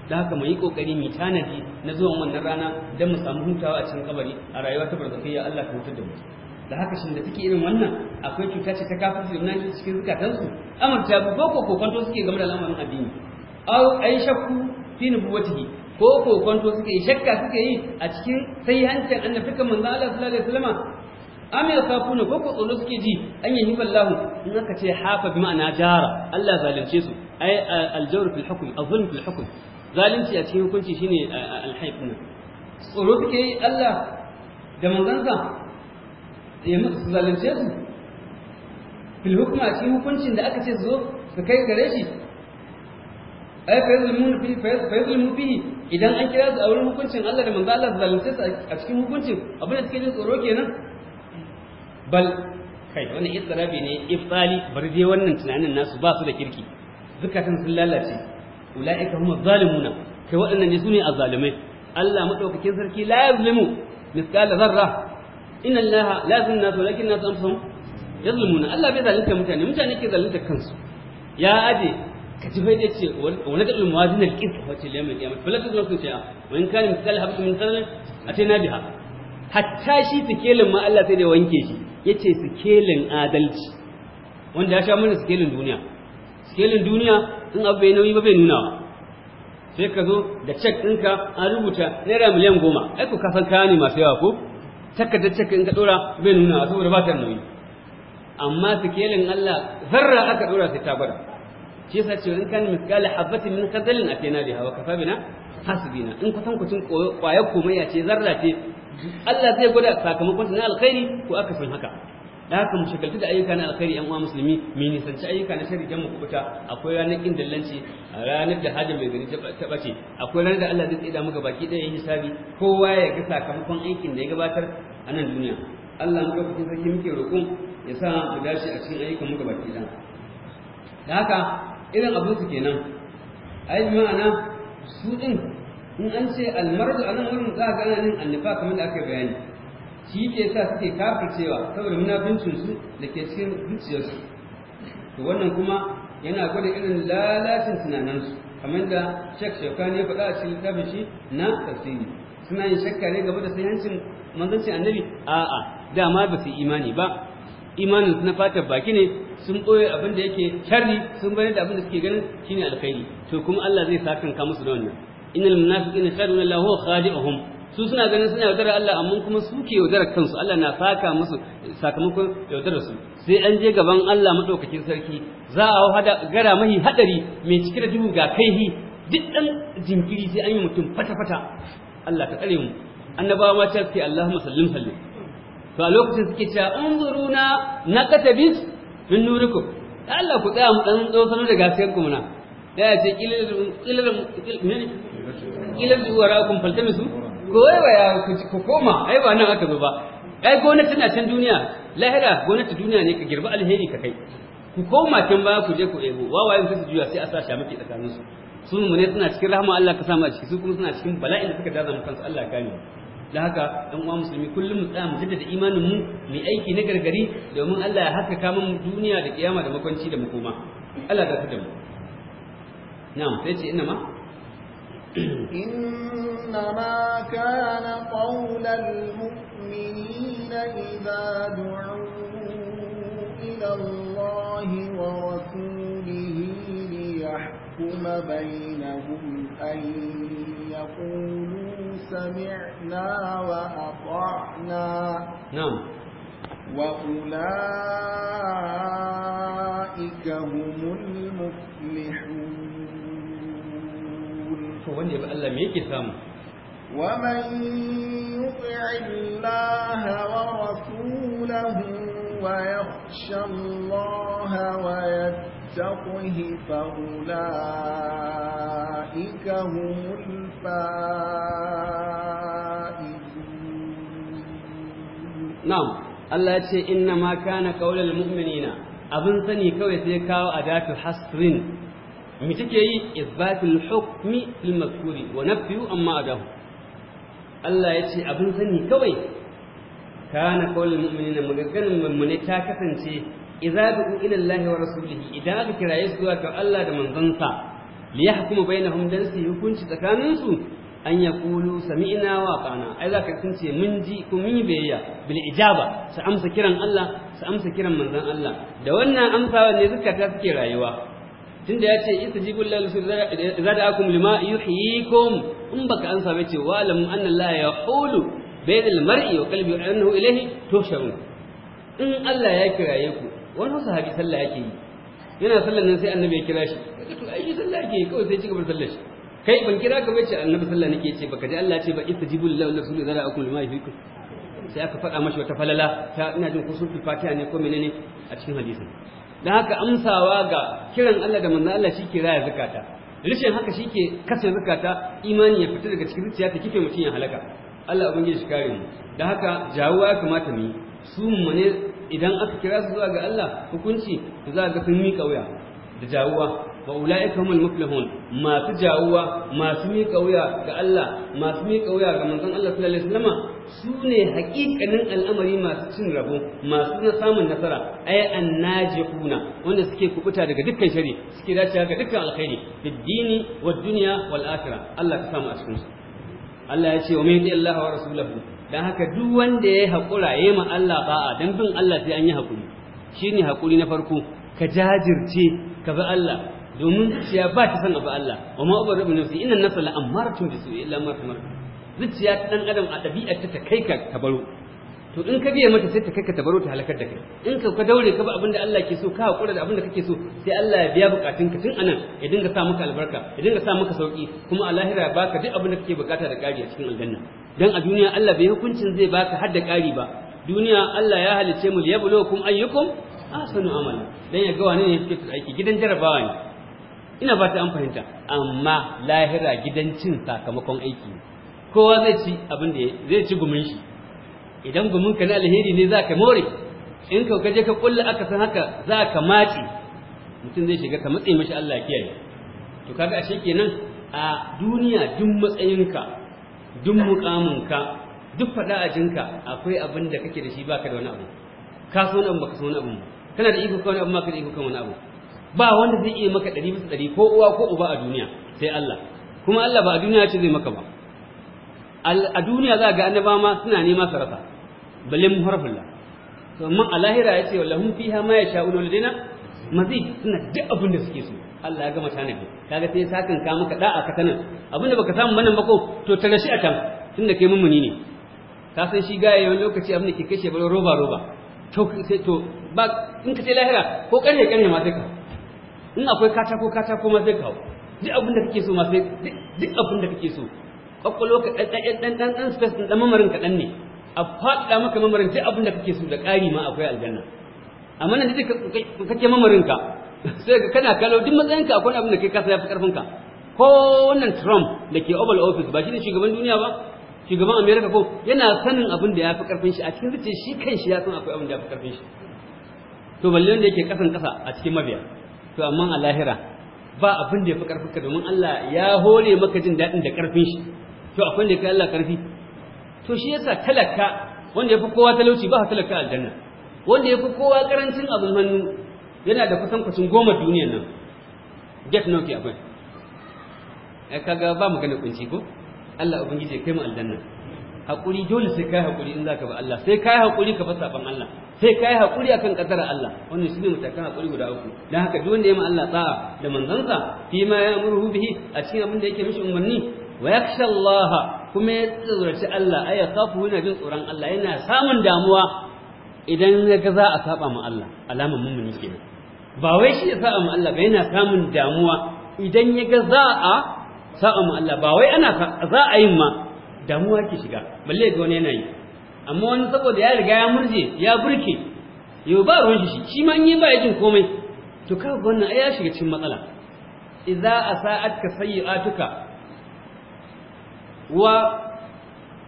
Speaker 1: da haka mu yi kokari mu tanadi na zuwan wannan rana dan mu samu hutawa a cikin kabari a rayuwa ta barzakhiya Allah ka hutar da mu da haka shin da take irin wannan akwai cuta ce ta kafirci da nashi cikin zukatansu amurta bu ko kwanto suke game da al'amarin addini aw ai shakku fi nubuwatihi ko kwanto suke shakka suke yi a cikin sai annabi kan manzo Allah sallallahu alaihi wasallam am ya ko ko tsoro suke ji an yi hiballahu in aka ce hafa bi ma'ana jara Allah zalunce su ai aljawr fil hukm azlum fil hukm zalunci a cikin hukunci shine alhaif din tsoro suke yi Allah da manzansa ya musu su zalunce su fil hukma a cikin hukuncin da aka ce zo su kai gare shi ai fa yazlimun fi fa yazlimu fihi idan an kira su a wurin hukuncin Allah da manzo Allah zalunce su a cikin hukuncin abin da suke jin tsoro kenan bal kai wannan istirabi ne ifsali bari dai wannan tunanin nasu ba su da kirki zukatan sun lalace ulaika hum zalimuna kai waɗannan ne sune azzalimai Allah madaukakin sarki la yazlimu misqala zarra inna Allah la yazlimu nasu walakin nas anfusahum yazlimuna Allah bai zalunta mutane mutane ke zalunta kansu ya aje ka ji fa yace wala da muwazin al-qist fa ce lamar kiyama fa lakin sun ce ah, wa in kana misqala habatin min zarra atayna biha hatta shi tikelin ma Allah sai da wanke shi ya ce sikelin adalci wanda ya sha mana sikelin duniya sikelin duniya in abu bai nauyi ba bai nunawa sai ka zo da cek ɗinka an rubuta naira miliyan goma ai ku kasan kaya ne masu yawa ko takardar cek in ka ɗora bai nunawa saboda ba ta nauyi amma sikelin Allah zarra aka ɗora sai ta gwada shi yasa ce in kan miskali habbatin min khardalin atena biha wa kafa bina hasbina in kusan kucin kwaya komai ya ce zarra ce Allah zai gwada sakamakon na alkhairi ko aka san haka da haka mu shagaltu da ayyuka na alkhairi yan uwa musulmi mu nisanci ayyuka na sharri mu kubuta akwai ranar kin dallanci ranar da hajjin mai gani ta bace akwai ranar da Allah zai tsida muka baki ɗaya yin hisabi kowa ya ga sakamakon aikin da ya gabatar a nan duniya Allah muka fitin sarki muke roƙon ya sa mu dace a cikin ayyukan muka baki ɗaya da haka irin abin su kenan ayyuka ma'ana su din in an ce almardu a nan wurin za a gana nan annifa kamar da aka bayani shi ke sa suke cewa saboda munafincin su da ke cikin zuciyarsu to wannan kuma yana gwada irin lalacin tunaninsu kamar da shek shekani ya faɗa a cikin littafin shi na tafsiri suna yin shakka ne game da sahihancin manzancin annabi a'a dama ba su imani ba imanin su na fatar baki ne sun ɓoye abin da yake sharri sun bayar da abin da suke ganin shine alkhairi to kuma Allah zai ka musu da wannan innal munafiqina khairun min Allah huwa khadi'uhum su suna ganin suna yaudarar Allah amma kuma su ke yaudarar kansu Allah na saka musu sakamakon yaudarar su sai an je gaban Allah madaukakin sarki za a hada gara mahi hadari mai cike da duhu ga kaihi duk dan jinkiri sai an yi mutum fata fata Allah ka kare mu annabawa ma ta ce Allahumma sallim sallim to a lokacin suke cewa unzuruna naqatabis min nurikum Allah ku tsaya mu dan tsofano da gaskiyar ku muna da ya ce ilal ilal ilan zuwa ra'akum faltamisu ko waya ku koma ai ba nan aka zo ba ai gwamnati na can duniya lahira gwamnati duniya ne ka girba alheri ka kai ku koma can baya ku je ku ebo wawayen su juya sai a sa shi maki tsakanin su su ne suna cikin rahama Allah ka samu a ciki su kuma suna cikin bala'in da suka dazama kansu Allah ka ne dan haka ɗan uwa musulmi kullum mu tsaya mu jaddada imanin mu mu aiki na gargari domin Allah ya haka kama mu duniya da kiyama da makwanci da makoma Allah ya da mu na'am sai ce inna ma
Speaker 2: إنما كان قول المؤمنين إذا دعوا إلى الله ورسوله ليحكم بينهم أن يقولوا سمعنا وأطعنا نعم وأولئك هم المفلحون
Speaker 1: to wanda yabi Allah me yake
Speaker 2: samu wa man yuti Allah wa rasulahu wa yakhsha Allah wa yattaqihi fa ulaika humul na'am
Speaker 1: Allah ya ce inna ma kana qaulal mu'minina abin sani kawai sai kawo adatu hasrin mi take yi isbatul hukmi lil mazkuri wa nafyu amma adahu Allah ya ce abin sani kawai kana qaulul mu'minina magaganin mummune ta kasance idza du'u ila Allah wa rasulihi idan aka kiraye su zuwa ga Allah da manzansa li yahkumu bainahum dan su hukunci tsakanin su an yaqulu sami'na wa ata'na ai za ka ce mun ji ko mun yi biyayya bil ijaba su amsa kiran Allah su amsa kiran manzon Allah da wannan amsawa ne ta suke rayuwa tunda ya ce ita istajibu lillahi idza da'akum lima yuhyikum in baka ansa ce wa alamu ya allaha bai da lamar'i wa 'yanahu annahu to tuhsharun in Allah ya kiraye ku wani sahabi sallah yake yi yana sallan nan sai annabi ya kira shi to ai shi sallah yake kawai sai cigaba da sallar shi kai ban kira ka bai ce, annabi sallah nake ce baka ji Allah ce ba istajibu lillahi idza idza da'akum lima yuhyikum sai aka faɗa mashi wata falala ta ina jin kusurfi fatiha ne ko menene a cikin hadisin Da haka amsawa ga kiran Allah da manzon Allah shi ke raya zakata rishin haka shi ke kashe zakata imani ya fita daga cikin zuciya ta kife mutum ya halaka Allah ubangiji shi kare mu da haka jawuwa ya kamata mu yi su mu ne idan aka kira su zuwa ga Allah hukunci to za ga sun miƙa wuya da jawuwa wa ula'ika humul muflihun masu jawuwa masu miƙa wuya ga Allah masu miƙa wuya ga manzon Allah sallallahu alaihi wasallam su ne haƙiƙanin al'amari masu cin rabo masu na samun nasara ay annajihuna wanda suke kubuta daga dukkan shari'a, suke dacewa ga dukkan alkhairi fid dini duniya dunya wal akhirah Allah ka samu a Allah ya ce wa mai Allah wa rasulahu dan haka duk wanda ya haƙura ya ma Allah ba'a dan bin Allah sai an yi haƙuri shine haƙuri na farko ka jajirce ka bi Allah domin zuciya ba ta san abu Allah wa ma ubar ibn nafsi inna nafsa la amaratun bi su'i illa ma tamar zuciya dan adam a dabi'ar ta kai ka tabaro to in ka biya mata sai ta kai ka tabaro ta halakar da kai in ka ka daure ka ba abinda Allah ke so ka hakura da abinda kake so sai Allah ya biya bukatun ka tun anan ya dinga sa maka albarka ya dinga sa maka sauki kuma a lahira baka duk abinda kake bukata da ƙari a cikin aljanna dan a duniya Allah bai hukuncin zai baka har da kari ba duniya Allah ya halice mu liyabulukum ayyukum ahsanu amala dan ya ga wani ne yake aiki gidan jarabawa ne ina ba ta an fahimta amma lahira gidan cin sakamakon aiki kowa zai ci abin da zai ci gumin shi idan gumin ka na alheri ne za ka more in ka kaje ka kulla aka san haka za ka mace mutum zai shiga ka matsayi mashi Allah ya kiyaye to kaga ashe kenan a duniya duk matsayinka duk mukaminka duk fada'ajinka akwai abin da kake da shi baka da wani abu ka so wani baka so wani abu kana da iko kan wani abu da iko kan wani abu ba wanda zai iya maka ɗari bisa ɗari ko uwa ko uba a duniya sai Allah kuma Allah ba a duniya ce zai maka ba a duniya za a ga annaba ma suna nema su rasa balle mu harfulla to amma a lahira yace ya fiha ma yasha'un walidina mazid suna duk abin da suke so Allah ya gama tanadi kaga sai sakin ka maka da'a ka tanan abinda baka samu manan ba ko to tare shi a can tunda kai mummuni ne ka san shi gaya yawan lokaci abin da ke kashe balo roba roba to to ba in ka ce lahira ko ƙarya ƙarya ma sai ka in akwai katako katako ma sai kawo duk abin da kake so ma sai duk abin da kake so kwakwalo ka ɗan ɗan ɗan ɗan space ɗan ɗan mamarin kaɗan ne a faɗa maka mamarin duk abin da kake so da ƙari ma akwai aljanna amma nan da kake mamarin ka sai ka kana kallo duk matsayin ka akwai abin da kai kasa yafi karfin ka ko wannan Trump da ke Oval Office ba shi ne shugaban duniya ba shugaban America ko yana sanin abin da yafi karfin shi a cikin zuciya shi kan shi ya san akwai abin da yafi karfin shi to balle wanda yake kasan kasa a cikin mabiya to amma a lahira ba abin da ya fi karfin ka domin Allah ya hore maka jin daɗin da karfin shi to akwai da ka Allah karfi to shi yasa talaka wanda ya fi kowa talauci ba talaka aljanna wanda ya fi kowa karancin abu hannu yana da kusan kusan goma duniyan nan get nauki abin ai kaga ba mu gane kunci ko Allah ubangiji ya kai mu aljanna haƙuri dole sai kai haƙuri in za ka bi Allah sai kai haƙuri ka fasa ban Allah sai kai haƙuri akan kadara Allah wannan shine matakan haƙuri guda uku dan haka duk wanda ya ma Allah tsa'a da manzansa fi ma ya ya'muruhu bihi a cikin abin da yake mishi umarni wa yakhsha Allah kuma ya tsoraci Allah ay yakhafu yana jin tsoron Allah yana samun damuwa idan ya ga za a saba ma Allah alaman mummuni kenan ba wai shi ya saba ma Allah ba yana samun damuwa idan ya ga za a saba ma Allah ba wai ana za a yin ma damuwa ke shiga balle ga wani yana yi amma wani saboda ya riga ya murje ya burke yau ba ruwan shi shi ma yi ba ya jin komai to ka wannan a ya shiga cikin matsala idza asa'atka sayyi'atuka wa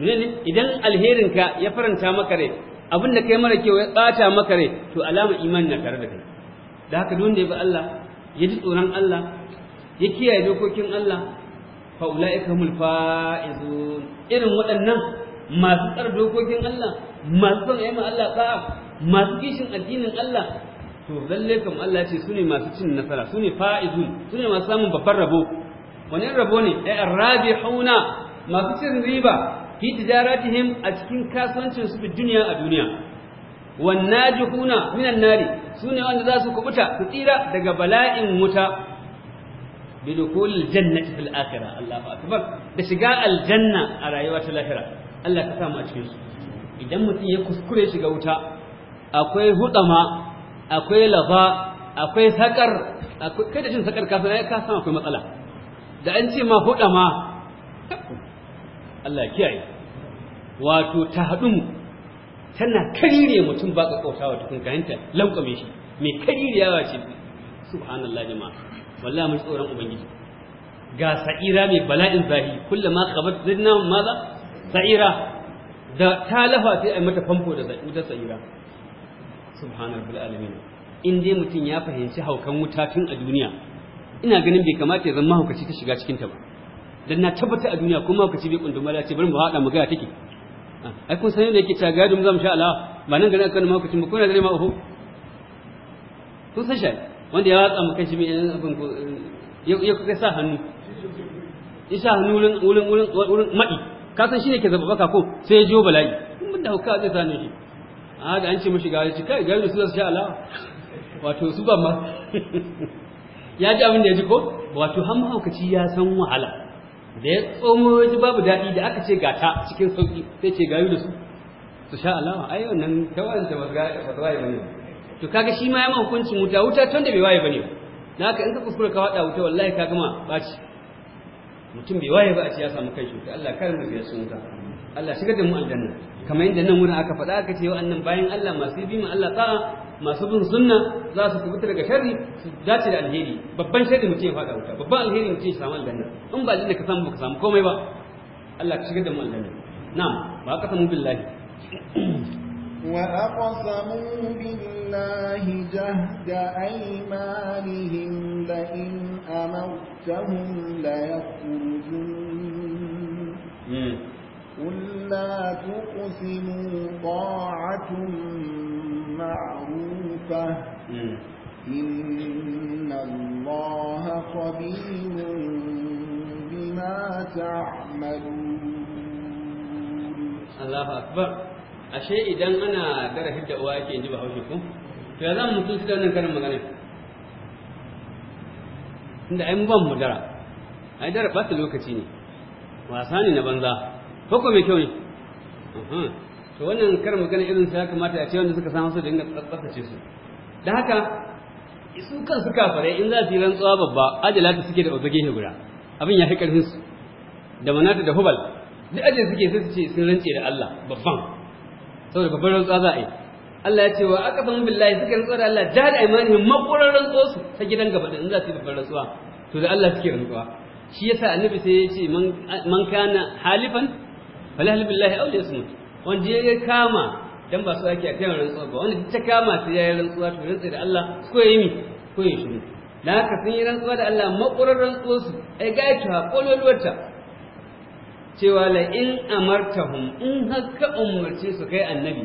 Speaker 1: ne idan alherinka ya faranta maka rai abin da kai mara kyau ya bata maka rai to alama iman na tare da kai da haka duk wanda ya bi Allah ya ji tsoron Allah ya kiyaye dokokin Allah fa ulaika humul faizun irin waɗannan masu tsar dokokin Allah masu son ayyuka Allah ta'a masu kishin addinin Allah to lalle kam Allah ce sune masu cin nasara sune faizun sune masu samun babbar rabo wani rabo ne ay arrabihuna masu cin riba fi tijaratihim a cikin kasuwancin su duniya a duniya wannajihuna minan nari sune wanda za su kubuta su tsira daga bala'in wuta بدخول الجنة في الآخرة الله أكبر بشقاء الجنة على يوات الآخرة الله كفاهم أتفين إذا متي يكسكري شقوتا أكوي هدما أكوي لضاء أكوي ثكر أكوي كده جن ثكر كاسم أي كاسم أكوي مطلع da an ce ma huɗa ma Allah kiyaye wato ta haɗu tana karire mutum ba ka kautawa tukun kayanta lankwame shi mai kaririyawa ce subhanallah jama'a wallahi mun tsoron ubangiji ga sa'ira mai bala'in zahi kullama qabat zidna maza sa'ira da ta lafa sai ai mata famfo da wuta sa'ira subhanallah alamin in dai mutum ya fahimci haukan wuta tun a duniya ina ganin bai kamata ya zama haukaci ta shiga cikin ta ba dan na tabbata a duniya kuma haukaci bai kundumala ce bari mu haɗa mu ga take ah, ai kun san yadda yake cewa gadi mu zamu sha Allah ba nan garin kan mahaukacin ba kuna ganin ma uhu kun san shi wanda ya watsa maka shi mai abin ya kuka sa hannu ya sa hannu wurin wurin wurin wurin ma'i ka san shine ke zaba baka ko sai ya jiyo bala'i mun da hukka zai sani shi a da an ce mishi ga ya ci kai gari su zasu sha alawa wato su ba ma ya ji abin da ya ji ko wato har mahaukaci ya san wahala da ya tsomo ji babu daɗi da aka ce gata cikin sauƙi sai ce gayu da su su sha alawa ai wannan tawayin da ba ga ba ne to kaga shi ma ya ma hukuncin wuta wuta tun da bai waye bane na haka in ka kuskura ka wada wuta wallahi ka gama baci mutum bai waye ba a ce ya samu kai shuka Allah kar mu biya sun wuta Allah shigar da mu aljanna kamar yadda nan wurin aka faɗa aka ce wa'annan bayan Allah masu bi ma Allah ta'a masu bin sunna za su kubuta daga sharri su dace da alheri babban sharri mutum ya faɗa wuta babban alheri mutum ya samu aljanna in ba aljanna ka samu baka samu komai ba Allah ka shigar da mu aljanna na'am ba ka samu billahi
Speaker 2: وأقسموا بالله جهد أيمانهم لئن أمرتهم ليخرجون قل لا تقسموا طاعة معروفة إن الله خبير بما تعملون
Speaker 1: الله أكبر ashe idan ana gara hidda uwa yake ji ba haushe ku to ya zan mutum suka nan karin magana inda ai ban mu dara ai dara ta lokaci ne wasa ne na banza ko ko mai kyau ne to wannan karin magana irin su ya kamata a ce wanda suka samu su dinga tsaftace su da haka su suka fare in za su yi rantsuwa babba ajala ta suke da ozo gehe guda abin ya fi karfin su da manata da hubal duk ajin suke sai su ce sun rance da Allah babban saboda babban rantsuwa za a yi Allah ya ce wa aka san billahi suka rantsuwa da Allah jahil aimanihim makwarar rantsuwa su ta gidan gaba da in za su yi babban rantsuwa to da Allah suke rantsuwa shi yasa annabi sai ya ce man kana halifan falahal billahi aw yasmut wanda ya kama dan ba su ake a kan rantsuwa ba wanda ta kama sai ya yi rantsuwa to rantsa da Allah ko ya yi mi ko ya shiru Na haka sun yi rantsuwa da Allah makwarar rantsuwa su ai gaita kololuwarta cewa la in amartahum in haka umarci su kai annabi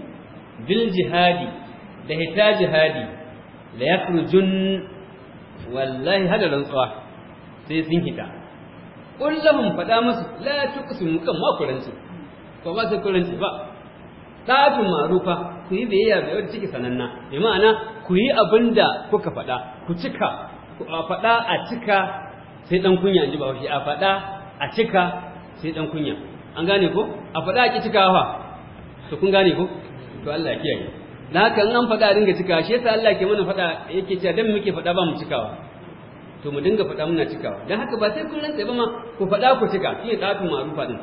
Speaker 1: bil jihadi da hita jihadi la yakhrujun wallahi hada rantsuwa sai sun hita qul faɗa fada musu la tuqsimu kan ma kuranci ko ba su kuranci ba ta'atu ma'rufa ku yi da yaya wanda ciki sananna bi ma'ana ku yi da kuka fada ku cika ku a fada a cika sai dan kunya ji ba shi a fada a cika sai dan kunya an gane ko a faɗa a cika cikawa to kun gane ko to Allah ya kiyaye dan haka in an faɗa a dinga cikawa shi yasa Allah ke mana faɗa yake cewa dan muke faɗa ba mu cikawa to mu dinga faɗa muna cikawa dan haka ba sai kun rantsa ba ma ku faɗa ku cika shi ne tsafin ma'rufa din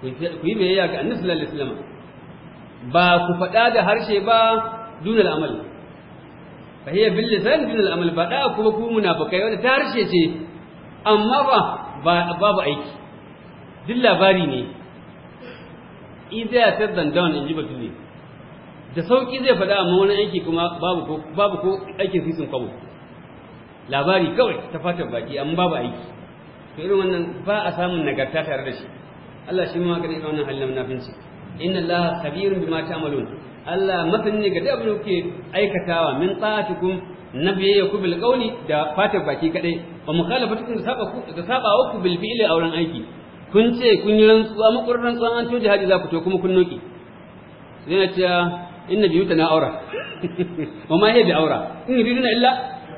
Speaker 1: ku yi biyayya ga annabi sallallahu alaihi wasallam ba ku faɗa da harshe ba dunal amal fa hiya bil lisan dunal amal ba da ku ba ku munafikai wanda ta harshe ce amma ba babu aiki duk labari ne easier sayar da done in ji tuni. da sauƙi zai faɗa amma wani aiki kuma babu ko babu ko aikin sisin kwabo labari kawai ta fatar baki amma babu aiki to irin wannan ba a samun nagarta tare da shi Allah shi ma kana irin wannan halin munafinci inna Allah khabirun bima ta'malun Allah masani ne ga duk abin da kuke aikatawa min tsatikum nabiyya ku bil qawli da fatar baki kadai wa mukhalafatukum da saba ku da saba ku bil fi'li auren aiki kun ce kun yi rantsuwa makurar rantsuwa an to jihadi za ku to kuma kun noki sai na ce inna biyuta na aura wa ma hiya bi aura in yuriduna illa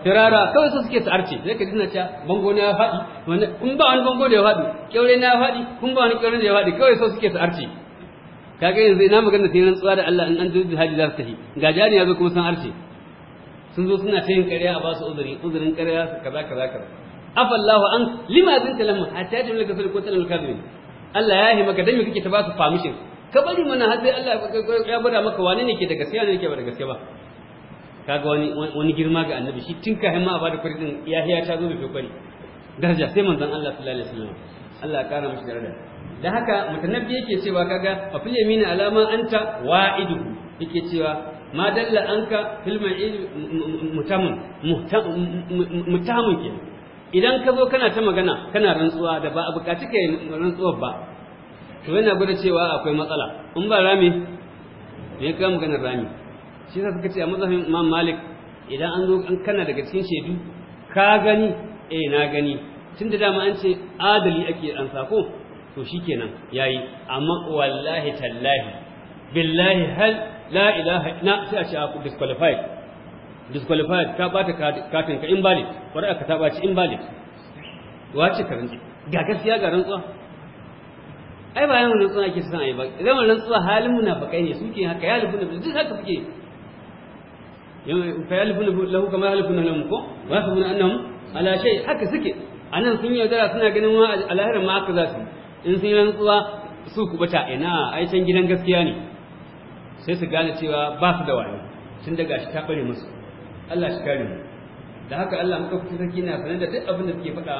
Speaker 1: firara kawai su suke su arce sai ka dina cewa bango na ya faɗi wani in ba wani bango da ya faɗi kyaure na ya faɗi kun ba wani kyaure da ya faɗi kawai su suke su arce kaga yanzu ina magana sai rantsuwa da Allah in an zo jihadi za su tafi ga jani ya zo kuma san arce sun zo suna ta yin ƙarya a ba su uzuri uzurin ƙarya kaza kaza kaza afallahu an lima ta lahum hatta ta laka fil qutul al kadhib Allah ya yi maka dan me kake ta ba su permission ka bari mana har sai Allah ya gwada maka wani ne ke da gaskiya ne ke ba da gaskiya ba kaga wani wani girma ga annabi shi tun kafin ma a bada kuri din yahiya ta zo bai kwari daraja sai manzon Allah sallallahu alaihi wasallam Allah ya kara mishi daraja da haka mutanabbi yake cewa kaga fil yamina alama anta wa'idu yake cewa ma dalla anka fil ma'id mutamun mutamun ke idan ka zo kana ta magana kana rantsuwa da ba a bukaci ka yi rantsuwar ba to yana gwada cewa akwai matsala in ba rami me ka magana rami shi yasa suka ce a mazhabin imam malik idan an zo an kana daga cikin shaidu ka gani eh na gani tun da dama an ce adali ake an sako to shikenan yayi amma wallahi tallahi billahi hal la ilaha na sai a ce a disqualified disqualified ka bata katin ka invalid ƙuri'a ka ta ci invalid wace ka rantsi ga gaskiya ga rantsuwa ai ba yawan rantsuwa ake son ai ba yawan rantsuwa halin kai ne suke haka ya na nabi duk haka suke fa yalbu lahu kama yalbu lahum ko su yasbuna annahum ala shai haka suke a nan sun yaudara suna ganin ma alahirin ma haka za su in sun yi rantsuwa su ku bata ina yi can gidan gaskiya ne sai su gane cewa ba su da wayo tun daga shi ta bare musu Allah shi kare mu da haka Allah muka kusa sarki na sanar da duk abin da suke faɗa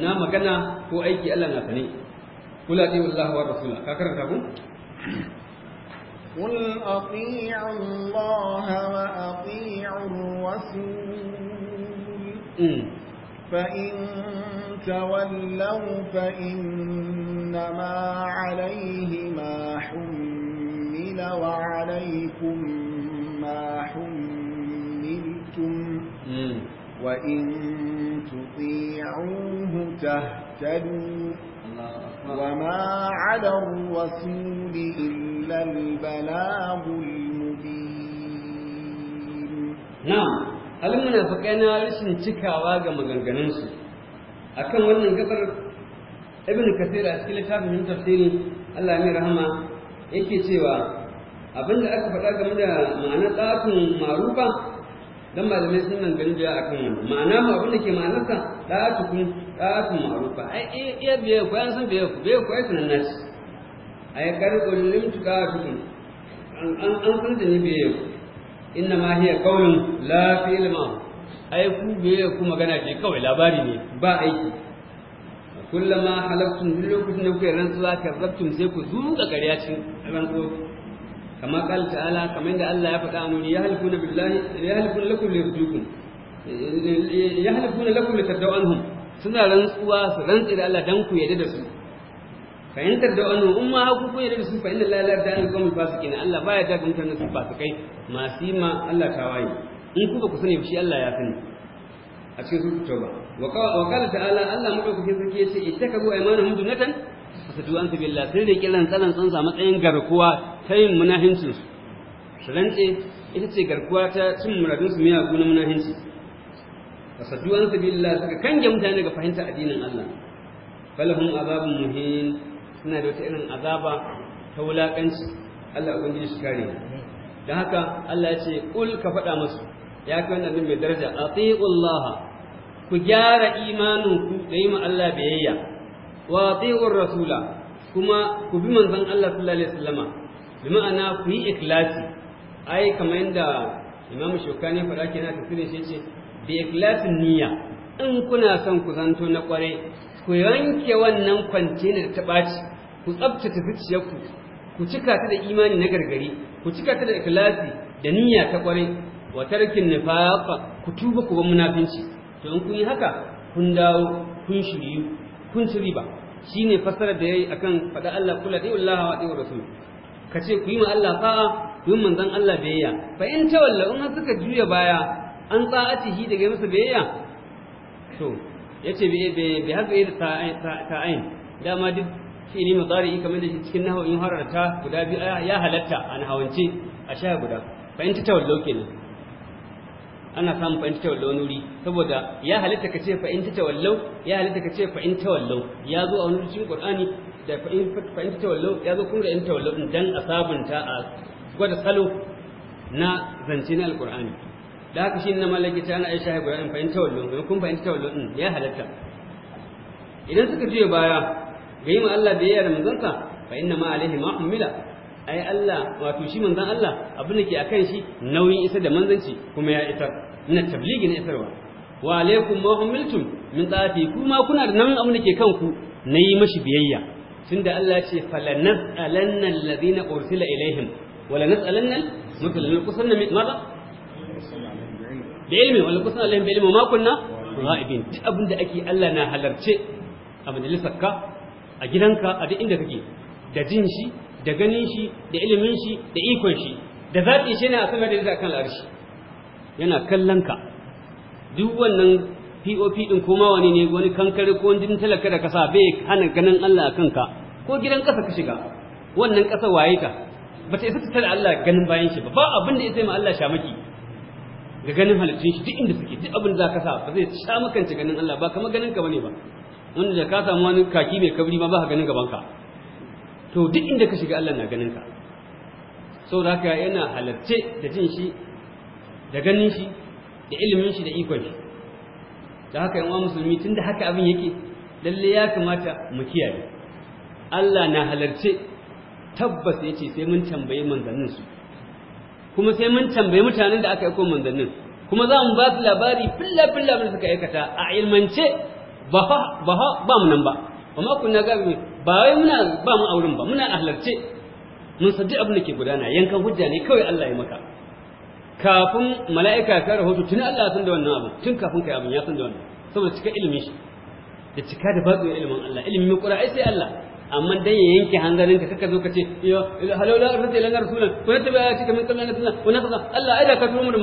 Speaker 1: na magana ko aiki Allah na sane kula ta wallahi wa rasula ka karanta ku
Speaker 2: قل أطيعوا الله وأطيعوا الرسول فإن تولوا فإنما عليه ما حمل وعليكم ما حمل وإن تطيعوه تهتدوا وما على الرسول إلا البلاغ المبين نعم
Speaker 1: المنافقين rashin cikawa ga maganganunsu akan wannan gabar ibn kathir a cikin littafin tafsirin Allah mai rahama yake cewa abinda aka faɗa game da ma'anar ɗakin marufa dan malamai sun nan gani biya akan wannan ma'ana mu abin da ke kun da ta ma'rufa ai eh, iya biye ku an san biye ku biye ku aikin nan nas ai kar ku limtu da'atukum an an an san da ni biye ku inna ma hiya qawlun la fi ma ai ku biye ku magana ce kawai labari ne ba aiki kullama halaktum duk lokacin da kuka rantsuwa kazzabtum sai ku zuka ƙarya ran rantsuwa kama qala ta'ala kamar da Allah ya faɗa anuni yahlifuna billahi yahlifuna lakum liyarjukum yahlifuna lakum litardau anhum suna rantsuwa su rantsi da Allah dan ku yadda da su fahimtar da wannan in ma haku yadda da su fa inna la yarda an kuma fasiqin Allah baya da ga mutanen su fasikai masu yi ma Allah ta waye in ku ba ku sani shi Allah ya sani a cikin su tauba wa qala ta'ala Allah mu ke sarki yace ittakabu aymanuhum jannatan fasadu an sabilla sun tsanan sun samu matsayin garkuwa ta yin munahincin su su rantse ita ce garkuwa ta cin muradun su miyagu na munahinci sadu an sabilla suka kange mutane daga fahimtar addinin Allah falahum azabun muhin suna da wata irin azaba ta wulakanci Allah ubangiji shi kare dan haka Allah ya ce kul ka faɗa musu ya kai wannan mai daraja atiullaha ku gyara imaninku da yi ma Allah biyayya wa ati'ur rasula kuma ku bi manzon Allah sallallahu alaihi wasallama bi ma'ana ku yi ikhlasi ai kamar yadda Imam Shukani fara kenan tafsirin shi ce bi ikhlasin niyya in kuna son ku zanto na kware ku yanke wannan kwantena da ta baci ku tsabtace zuciyarku ku cika ta da imani na gargari ku cika ta da ikhlasi da niyya ta kware wa tarkin nifaq ku tuba ku ba munafinci to in kun yi haka kun dawo kun shiryu kun ci shi ne fasarar da ya yi a kan faɗa Allah kula da Allah wa da rasul ce ku yi ma Allah ta'a ku yi Allah biyayya fa in walla in an suka juya baya an tsa'atihi daga masa biyayya to yace ce bai haka yi ta'ayin dama duk ne mazari mudari kamar da cikin nahwu in hararta guda biyu ya halatta a nahawance a sha guda fa in tawallau kenan ana samun fa'in ta wallau nuri saboda ya halitta ka ce fa'in ta wallau ya halitta ka ce fa'in ta wallau ya zo a wani cikin qur'ani da fa'in ta wallau ya zo kuma da in ta wallau dan a sabunta a gwada salo na zance na alqur'ani da haka shi na malaki ta ana aisha in fa'in ta wallau in kun fa'in ta wallau ya halitta idan suka je baya ga yi ma Allah da manzansa fa inna ma alaihi ma ummila ai Allah wato shi manzon Allah abin da ke akan shi nauyin isa da manzanci kuma ya isar na tabligi na isarwa wa alaikum ma umiltum min tsafi kuma kuna da nan abin da ke kanku na yi mashi biyayya tunda Allah ce falanas'alanna alladhina ursila ilaihim wa lanas'alanna mutallin kusanna maza da ilmi wala kusanna alaihim bi ilmi ma kunna ra'ibin duk abin da ake Allah na halarce a majalisar ka, a gidanka a duk inda kake da jin shi da ganin shi da ilimin shi da ikon shi da zaɓi shi ne a sama da kan al'arshi yana kallon ka duk wannan POP din ko wani ne wani kankare ko wani talaka da kasa bai hana ganin Allah a kanka ko gidan kasa ka shiga wannan kasa waye ka ta isa ta tare Allah ganin bayan shi ba ba abin da ya sai ma Allah shamaki ga ganin halittun shi duk inda suke duk abin da za ka sa ba zai sha makance ganin Allah ba kamar ganin ka bane ba wanda da ka samu wani kaki mai kabri ma ba ka ganin gaban ka to duk inda ka shiga Allah na ganin ka saboda haka yana halarce da jin shi da ganin shi da ilimin shi da ikon shi da haka yan musulmi tun da haka abin yake lalle ya kamata mu kiyaye Allah na halarce tabbas ya ce sai mun tambayi manzannin su kuma sai mun tambayi mutanen da aka aiko manzannin kuma za mu ba su labari filla filla mun suka aikata a ilmance ba ba mu nan ba amma kun na gabi ba wai muna ba mu aurin ba muna halarce mun sadi abin da ke gudana yankan hujja ne kawai Allah ya maka kafin mala'ika ya kai rahoto tuni Allah san da wannan abu tun kafin kai abin ya san da wannan saboda cika ilimin shi da cika da ilimin Allah ilimin mai ƙura sai Allah amma dan ya yanke hanzarin ka kaka zo ka ce yo halola arsalta ilana rasulan wa nattabi ayatika min qabli an natanna wa Allah ka turo mu da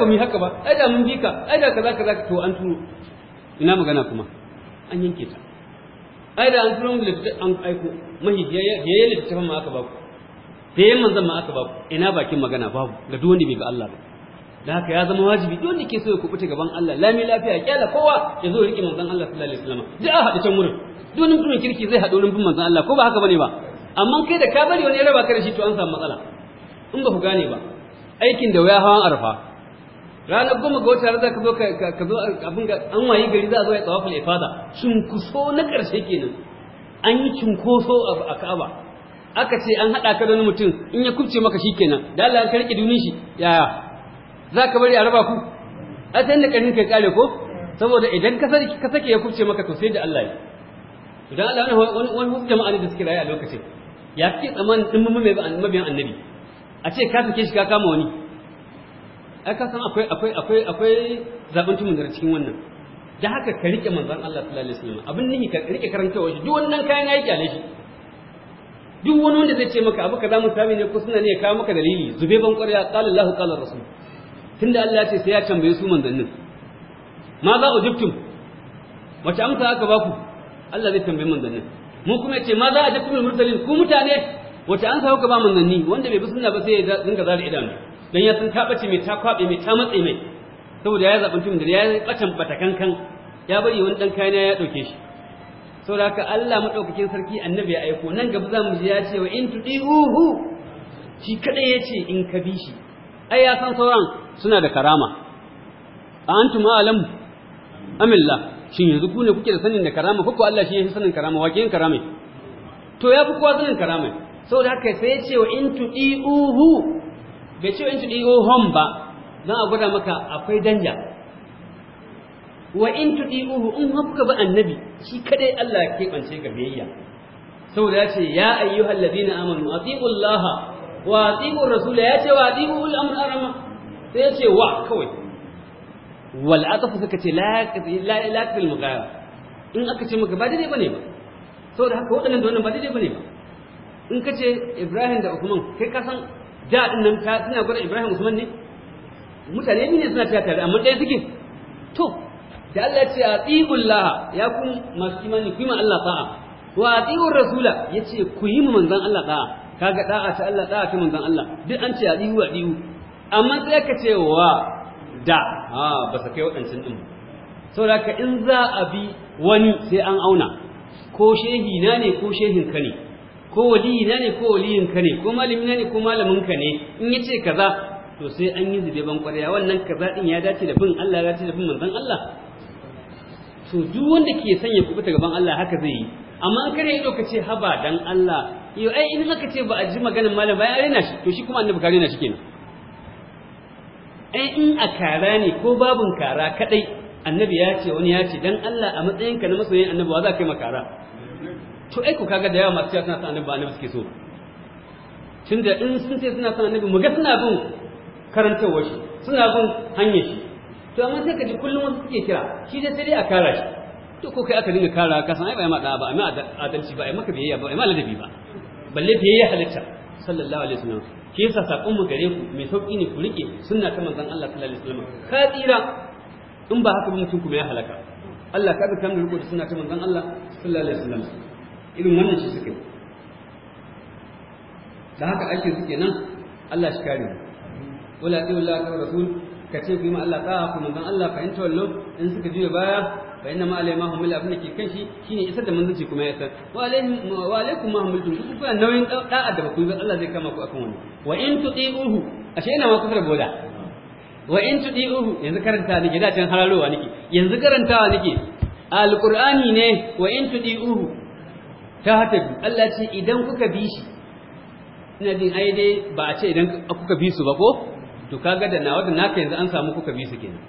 Speaker 1: ba mu yi haka ba mun bi ka kaza kaza to an turo ina magana kuma an yanke ta an turo mu da an aiko mahi ya ya ma aka ba fiyayen manzon ma aka babu ina bakin magana babu ga duk bai ga Allah ba da haka ya zama wajibi duk wanda ke so ya kubuta gaban Allah lami lafiya kyala kowa ya zo riƙe manzon Allah sallallahu alaihi wasallam da a haɗu can wurin duk wani mutumin kirki zai haɗu wurin bin manzon Allah ko ba haka bane ba amma kai da ka bari wani ya raba ka da shi to an samu matsala in ba ku gane ba aikin da waya hawan arfa ranar goma ga wata za ka zo ka zo abin ga an wayi gari za a zo ya tsawafin ifada cunkuso na ƙarshe kenan an yi cunkoso a ka'aba aka ce an haɗa ka da wani mutum in ya kubce maka shi kenan da Allah ka rike dunin shi yaya za ka bari a raba ku a ta yadda ƙarfin kai ƙare ko saboda idan ka sake ya kubce maka to sai da Allah ne to dan Allah wani wani wasu jama'a ne da suke rayu a lokacin ya fi tsammanin ɗin mabiyan annabi a ce ka sake shi ka kama wani ai ka san akwai akwai akwai akwai zaɓen tumun da cikin wannan da haka ka rike manzon Allah sallallahu alaihi wasallam abin nihi ka rike karantawa shi duk wannan kayan aiki a shi duk wani wanda zai ce maka abu kaza sami ne ko suna ne ya kawo maka dalili zube ban ƙwarya qala Allahu qala rasul tunda Allah ya ce sai ya tambaye su manzannin ma za ujibtum wace amsa aka ku? Allah zai tambaye manzannin mu kuma ya ce ma za a jabtumul mursalin ku mutane wace sa kuka ba manzanni wanda bai bi sunna ba sai ya dinga zara idanu dan ya san ta bace mai ta kwabe mai ta matse mai saboda ya zaɓi mutum da ya batan kankan, ya bari wani dan kayan ya dauke shi saboda haka Allah madaukakin sarki annabi ya aiko nan gaba za mu ji ya ce wa in tudihu shi ya ce in ka bi shi ai ya san sauran suna da karama a antum alam amilla shin yanzu ku ne kuke da sanin da karama ko Allah shi yake sanin karama wa yin karama to ya fi kowa sanin karama saboda haka sai ya ce wa in tudihu bai ce wa in tudihu hum ba dan a gwada maka akwai danja wa in uhu in kuka ba annabi shi kadai Allah ya kebance ga biyayya saboda ya ce ya ayyuhal ladina amanu Laha, wa atiqur rasula ya ce wa atiqul amr rama sai ya ce wa kawai wal atafu suka ce la la la fil mughayara in aka ce maka ba daidai bane ba saboda haka waɗannan da wannan ba daidai bane ba in ka ce Ibrahim da Usman kai ka san ja din nan ta suna gwada Ibrahim Usman ne mutane ne suna tare amma ɗaya suke to sai Allah ya ce atiullah ya ku masu imani ku yi Allah ta'a wa atiur rasula ce ku yi mu Manzan Allah ta'a kaga da'a ta Allah ta'a ta manzan Allah duk an ce atihu atihu amma sai ka ce wa da ha ba sa kai waɗancan din da ka in za a bi wani sai an auna ko shehi na ne ko shehin ka ne ko waliyi na ne ko waliyin ka ne ko malami na ne ko malamin ka ne in ce kaza to sai an yi zube ban kwarya wannan kaza din ya dace da bin Allah ya dace da bin manzon Allah to duk wanda ke sanya kuɓi ta gaban Allah haka zai yi amma an kare ido ka ce haba dan Allah yau ai in haka ce ba a ji maganar malam bayan rena shi to shi kuma annabi kare na shi kenan ai in a kara ne ko babun kara kadai annabi ya ce wani ya ce dan Allah a matsayinka na masoyin annabi wa za ka yi makara to ai ku kaga da yawa masu cewa suna son annabi ba annabi suke so tunda in sun ce suna son annabi mu ga suna bin karantarwar shi suna bin hanyar shi to amma sai ka ji kullum wasu suke kira shi dai sai dai a kara shi to ko kai aka dinga kara ka san ai ba ya ma da ba amma adalci ba ai maka biyayya ba ai ma ladabi ba balle biyayya halitta sallallahu alaihi wasallam ke sa sakon mu gare ku mai sauki ne ku rike sunna ta manzon Allah sallallahu alaihi wasallam ka tsira in ba haka mutum kuma ya halaka Allah ka ga da riko da sunna ta manzon Allah sallallahu alaihi wasallam irin wannan shi suke da haka ake suke nan Allah shi kare ولا wala لا ka ka ce kuma Allah ta ku manzon Allah fa in tawallu in suka juya baya fa inna ma alayhi ma humil abin da ke kan shi shine isar da manzanci kuma ya san wa alayhi wa alaykum ma humiltum ku kuna nauyin da'a da ku Allah zai kama ku akan wani. wa in tuti'uhu ashe ina ma kufar boda wa in tudi'uhu yanzu karanta ni da can hararowa nake yanzu karantawa nake alqur'ani ne wa in tudi'uhu ta hatabi Allah ce idan kuka bi shi ina jin ai dai ba a ce idan kuka bi su ba ko to kaga da nawa da naka yanzu an samu kuka bi su kenan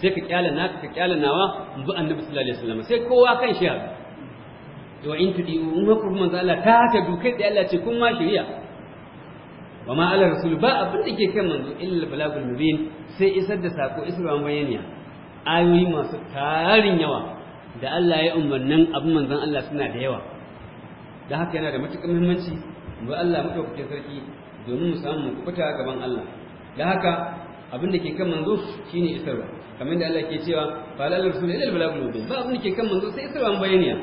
Speaker 1: sai ka kyala naka ka kyala nawa in annabi sallallahu alaihi wasallam sai kowa kan shi haka to in tudi in haku manzo Allah ta haka dukai da Allah ce kun ma shari'a wa ma ala rasul ba abin da ke kan manzo illa balagul mubin sai isar da sako da bayaniya ayoyi masu tarin yawa da Allah ya umarnin abin manzon Allah suna da yawa da haka yana da matuƙar muhimmanci mu Allah madaukakin sarki domin mu samu mu kubuta gaban Allah da haka abin da ke kan manzo shine isarwa kamar da Allah ke cewa fa la rasul ila al-balagh mubin ba abin da ke kan manzo sai isarwa bayaniya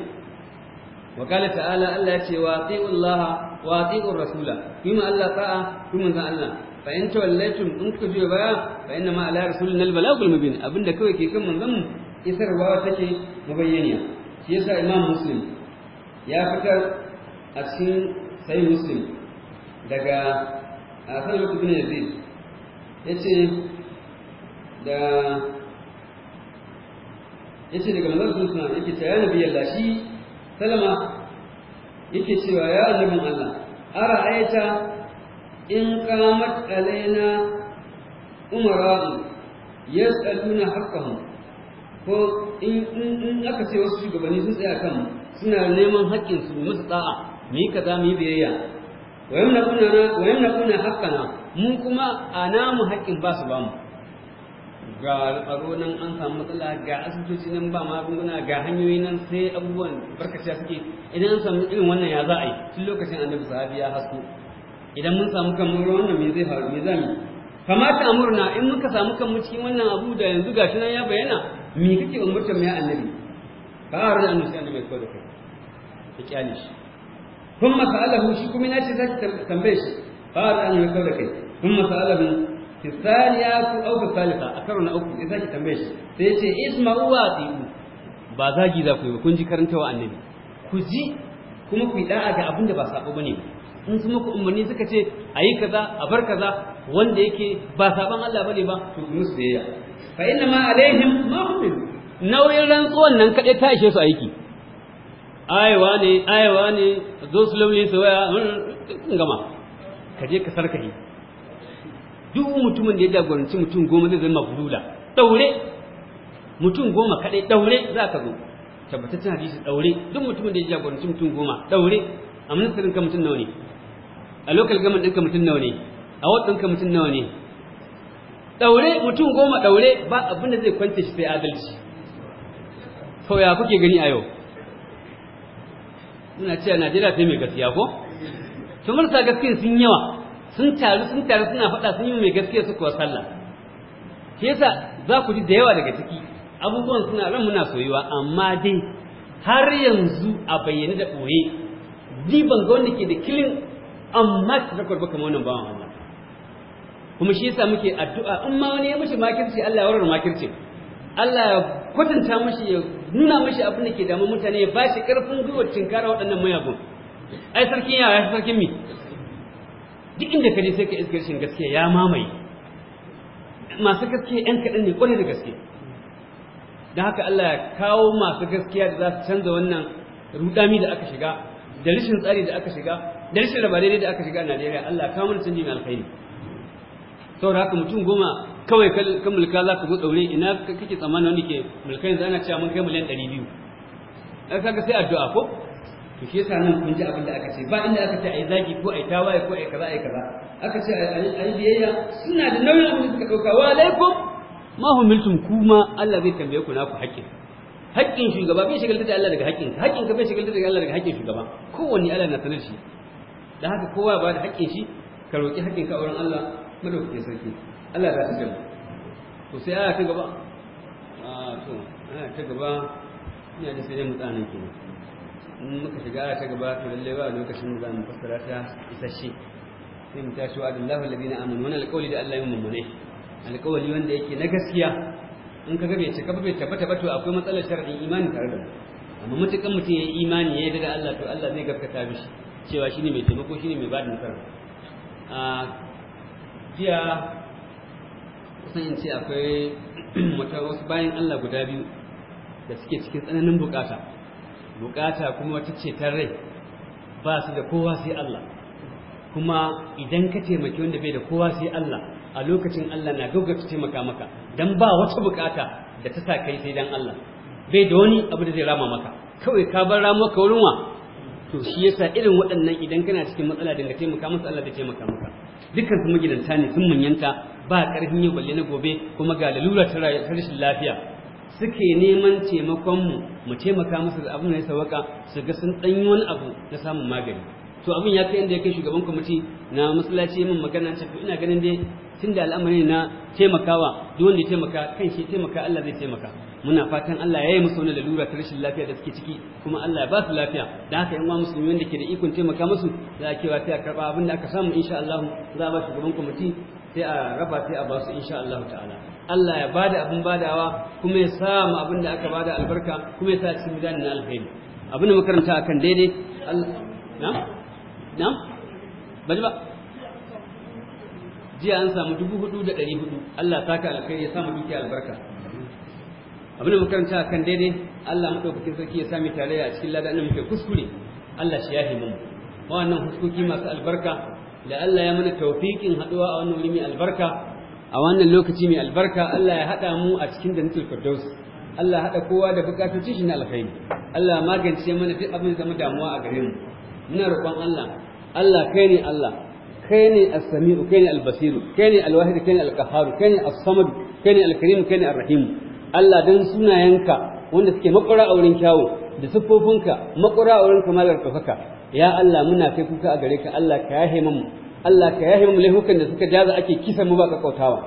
Speaker 1: wa qala ta'ala Allah ya ce wa Allah wa ati'ur rasula kuma Allah ta'a kuma manzo Allah fa in tawallaytum in kuka juya baya fa inna ma ala rasulina al-balagh mubin abin da kawai ke kan manzo isarwa take mubayyaniya shi yasa imam muslim ya fitar a cikin sahih muslim daga a lokacin da ibn yace da yace daga manzon sallallahu alaihi wasallam yake ya nabi Allah shi salama yake cewa ya annabin Allah ara ayata in qamat alaina umara'u yas'aluna haqqahum ko in in aka ce wasu shugabanni sun tsaya kan suna neman haƙƙin su musu da'a mu yi kaza mu yi biyayya wayan na kuna haƙƙana mu kuma a namu haƙƙin ba su ba mu ga tsaro nan an samu matsala ga asibitoci nan ba magunguna ga hanyoyi nan sai abubuwan barkaciya suke idan an samu irin wannan ya za a yi tun lokacin annabi sahabi ya hasko idan mun samu kan mura wannan me zai faru me za mu kamata amurna in muka samu kan mu cikin wannan abu da yanzu gashi nan ya bayyana me kake umurtar mai ya annabi Ba a da annabi sai annabi ya kawo da kai ta kyale shi kun masa alahu shi kuma ya ce za ki tambaye shi Ba'a a tsanin ya kawo da kai kun masa alahu fi saniya ku au fi salisa a karo na uku za ki tambaye shi sai ya ce isma'u wa atiku ba zagi za ku yi ba kun ji karantawa annabi ku ji kuma ku yi da'a ga abin da ba sabo bane in su muku umarni suka ce a yi kaza a bar kaza wanda yake ba saban Allah bane ba to ku musu biyayya fa inna ma alaihim ma hum nauyin rantsuwan nan kaɗai ta ishe su aiki ayewa ne ayewa ne zo su slowly su waya kun gama ka je ka sarkahi duk mutumin da ya jagoranci mutum goma zai zama bulula daure mutum goma kaɗai daure za ka zo tabbataccen hadisi daure duk mutumin da ya jagoranci mutum goma daure a ministerin ka mutum nawa ne a lokal government ɗinka mutum nawa ne a ward ɗinka mutum nawa ne daure mutum goma daure ba abin da zai kwance shi sai adalci sau ya kuke gani a yau suna cewa najeriya sai mai gaskiya ko to marasa gaskiya sun yawa sun taru sun taru suna faɗa sun yi mai gaskiya su kuwa sallah Ke yasa za ku ji da yawa daga ciki abubuwan suna ran muna soyuwa amma dai har yanzu a bayyane da ɓoye diban ga wanda ke da kilin amma ta takwar baka wannan bawan Allah kuma shi yasa muke addu'a in ma wani ya mishi makirci Allah ya warware makircin Allah ya kwatanta mashi ya nuna mashi abin da ke damun mutane ya ba shi ƙarfin gwiwar tinkara waɗannan mayagun ai sarkin yawa ya sarkin mi duk inda ka je sai ka iskar shin gaskiya ya mamaye masu gaskiya yan kaɗan ne ƙwarai da gaske don haka Allah ya kawo masu gaskiya da za su canza wannan rudami da aka shiga da rashin tsari da aka shiga da rashin raba daidai da aka shiga a Najeriya Allah ya kawo mana canji mai alkhairi saboda haka mutum goma kawai ka mulka za ka buɗe wuri ina kake tsammanin wani ke mulka yanzu ana cewa mun kai miliyan ɗari biyu ɗan kaga sai addu'a ko to shi yasa nan kun ji abin da aka ce ba inda aka ce a yi zagi ko a yi tawaye ko a yi kaza a yi kaza aka ce a yi biyayya suna da nauyin abin da suka ɗauka wa alaikum ma miltum kuma Allah zai tambaye ku naku haƙƙin haƙƙin shugaba bai shigalta da Allah daga haƙƙin haƙƙin ka bai shigalta da Allah daga haƙƙin shugaba kowanne Allah na sanar shi da haka kowa ba da haƙƙin shi ka roƙi haƙƙin ka wurin Allah madaukakin sarki Allah za ta gani to sai aya ta gaba a to aya ta gaba ina da sai mu tsanan ke in muka shiga aya ta gaba to lalle ba lokacin da za mu fassara ta isasshe sai mu tashi wa Allahu alladhina amanu wannan alƙawli da Allah ya mummune alƙawli wanda yake na gaskiya in ka ga bai cika bai tabbata ba to akwai matsalar shar'in imani tare da amma mutukan mutum ya yi imani ya yarda da Allah to Allah zai gaskata mishi cewa shine mai taimako shine mai bada nasara a jiya Kusan in ce akwai wata wasu bayan Allah guda biyu da suke cikin tsananin bukata bukata kuma wata ce ta rai ba su da kowa sai Allah kuma idan ka taimaki wanda bai da kowa sai Allah a lokacin Allah na ta taimaka maka dan ba wata bukata da ta sa kai sai dan Allah bai da wani abu da zai rama maka kawai ka bar ramo ka wurin wa to shi yasa irin waɗannan idan kana cikin matsala dinga taimaka masa Allah da taimaka maka dukkan su magidanta ne sun manyanta ba ƙarfin yau balle na gobe kuma ga lalura ta rashin lafiya suke neman taimakonmu mu taimaka musu da abin da ya sawaka su ga sun ɗanyi wani abu na samun magani to abin ya kai inda ya kai shugaban kwamiti na masallaci min magana ta ina ganin dai tunda al'amari na taimakawa duk wanda ya taimaka kan shi taimaka Allah zai taimaka muna fatan Allah ya yi musu wani lalura ta rashin lafiya da suke ciki kuma Allah ya ba su lafiya da haka yan uwa musulmi wanda ke da ikon taimaka musu za a kewa sai a karɓa abin da aka samu insha Allah za a ba shugaban kwamiti sai a raba sai a basu insha Allah ta'ala Allah ya bada abin badawa kuma ya sa mu abin da aka bada albarka kuma ya sa cikin na alheri abin da makaranta akan daidai na na baji ba jiya an samu dubu hudu da ɗari hudu Allah ta ka alkhairi ya samu dukiya albarka abin da makaranta akan daidai Allah maɗaukakin sarki ya sami tarayya a cikin ladan da muke kuskure Allah shi ya mu wannan huskoki masu albarka da Allah ya mana taufiƙin haɗuwa a wannan wurin mai albarka a wannan lokaci mai albarka Allah ya haɗa mu a cikin jannatul firdaus Allah haɗa kowa da bukatocin shi na alkhairi Allah magance mana duk abin zama damuwa a gare mu Ina roƙon Allah Allah kai ne Allah kai ne as-sami'u kai ne al-basiru kai ne al-wahid kai ne al-qahhar kai ne as-samad kai ne al-karim kai ne ar-rahim Allah dan sunayenka wanda suke makura a wurin kyawu da siffofinka makura a wurin kamalar ɗaukaka ya Allah muna kai kuka a gare ka Allah ka yahe mu Allah ka yahe mu laifukan da suka jaza ake kisa mu ba kautawa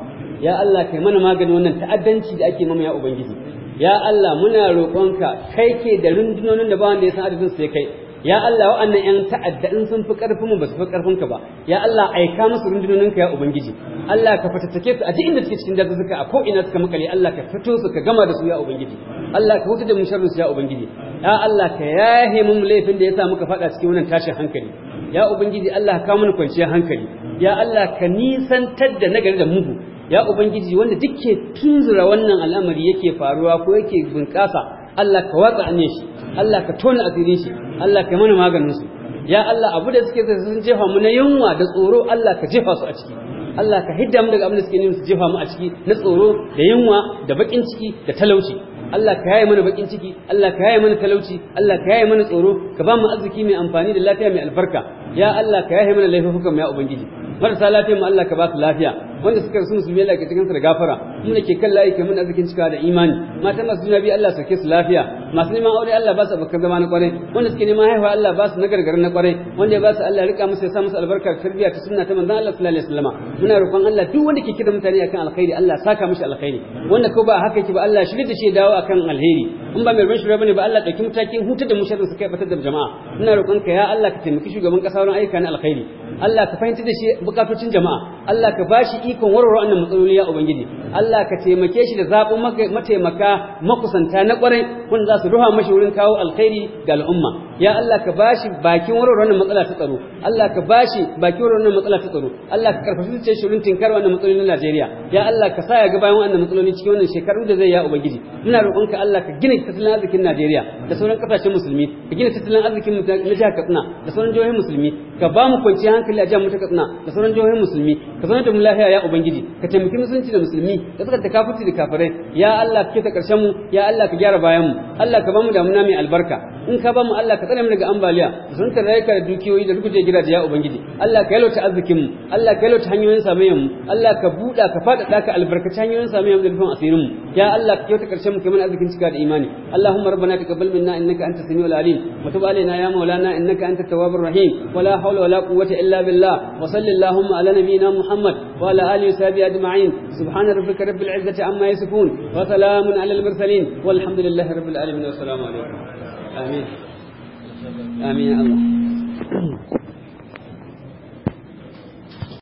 Speaker 1: ya Allah kai mana magani wannan ta'addanci da ake mamu ya ubangiji ya Allah muna roƙonka kai ke da rundunonin da ba wanda ya san adadin su kai ya Allah wa'annan ƴan ta'adda in sun fi karfin mu ba su fi ƙarfin ka ba ya Allah aika musu rundunonin ka ya ubangiji Allah ka fatattake su a duk inda suke cikin dazuzzuka a ko ina suka makale Allah ka fito su ka gama da su ya ubangiji Allah ka hutu da mu su ya ubangiji ya Allah ka yahe mun laifin da ya sa muka faɗa cikin wannan tashin hankali ya ubangiji Allah ka mun kwanciyar hankali ya Allah ka nisantar da nagari da mugu ya ubangiji wanda duke tunzura wannan al'amari yake faruwa ko yake bunƙasa Allah ka watsa ne shi Allah ka tona asirin shi Allah ka mana maganin su ya Allah abu da suke sun jefa mu na yunwa da tsoro Allah ka jefa su a ciki Allah ka hidda mu daga abin da suke nemi su jefa mu a ciki na tsoro da yunwa da bakin ciki da talauci Allah ka yaye mana bakin ciki Allah ka yaye mana talauci Allah ka yaye mana tsoro ka ba mu arziki mai amfani da lafiya mai albarka ya Allah ka yaye mana laifukan ya ubangiji marasa lafiya mu Allah ka ba su lafiya wanda suka rasu musulmi Allah ka cikin su da gafara mu da ke kan layi ke mun arzikin cika da imani mata masu juna biyu Allah sauke su lafiya masu neman aure Allah ba su abokan zama na kwarai wanda suke neman haihuwa Allah ba su nagargarin na kwarai wanda ya ba su Allah rika musu ya sa musu albarka tarbiyya ta sunna ta manzon Allah sallallahu alaihi wasallam muna roƙon Allah duk wanda ke kira mutane akan alkhairi Allah saka mishi alkhairi wanda ko ba haka yake ba Allah shirye da shi dawo akan alheri in ba mai ban shirye bane ba Allah dauki mutakin hutar da musharrin su kai fatar da jama'a muna roƙon ka ya Allah ka taimaki shugaban kasa wurin ayyuka na alkhairi Allah ka fahimta da shi bukatocin jama'a Allah ka bashi ikon warware wannan matsaloli ya ubangiji Allah ka taimake shi da zabon mataimaka makusanta na kwarai wanda za su ruha mashi wurin kawo alkhairi ga al'umma ya Allah ka bashi bakin warware wannan matsala ta tsaro Allah ka bashi bakin warware wannan matsala ta tsaro Allah ka karfafi zuciyar shi wurin tinkar wannan matsaloli na Najeriya ya Allah ka sa ya ga bayan wannan matsaloli cikin wannan shekaru da zai ya ubangiji muna roƙonka Allah ka gina tattalin arzikin Najeriya da sauran ƙasashen musulmi ka gina tattalin arzikin na jihar Katsina da sauran jihohin musulmi ka ba mu kwanciyar hankali a jihar mu ta katsina da sauran jihohin musulmi ka sanar da mu lafiya ya ubangiji ka taimaki musulunci da musulmi da suka ta kafirci da kafirai ya Allah ka keta karshen mu ya Allah ka gyara bayan mu Allah ka bamu damuna mai albarka in ka bamu Allah ka tsare mu daga ambaliya da sunta rayuka da dukiyoyi da rukuje gidaje ya ubangiji Allah ka yalota arzikin mu Allah ka yalota hanyoyin samayen mu Allah ka buɗa ka faɗaɗa ka albarkaci hanyoyin samayen mu da rufin asirin mu ya Allah ka keta karshen mu kai mana arzikin cika da imani Allahumma rabbana taqabbal minna innaka antas samiul alim wa tub alaina ya maulana innaka antat tawwabur rahim wala hawla wala quwwata إلا بالله وصل اللهم على نبينا محمد وعلى آله وصحبه أجمعين سبحان ربك رب العزة عما يصفون وسلام على المرسلين والحمد لله رب العالمين
Speaker 2: والسلام عليكم آمين آمين يا الله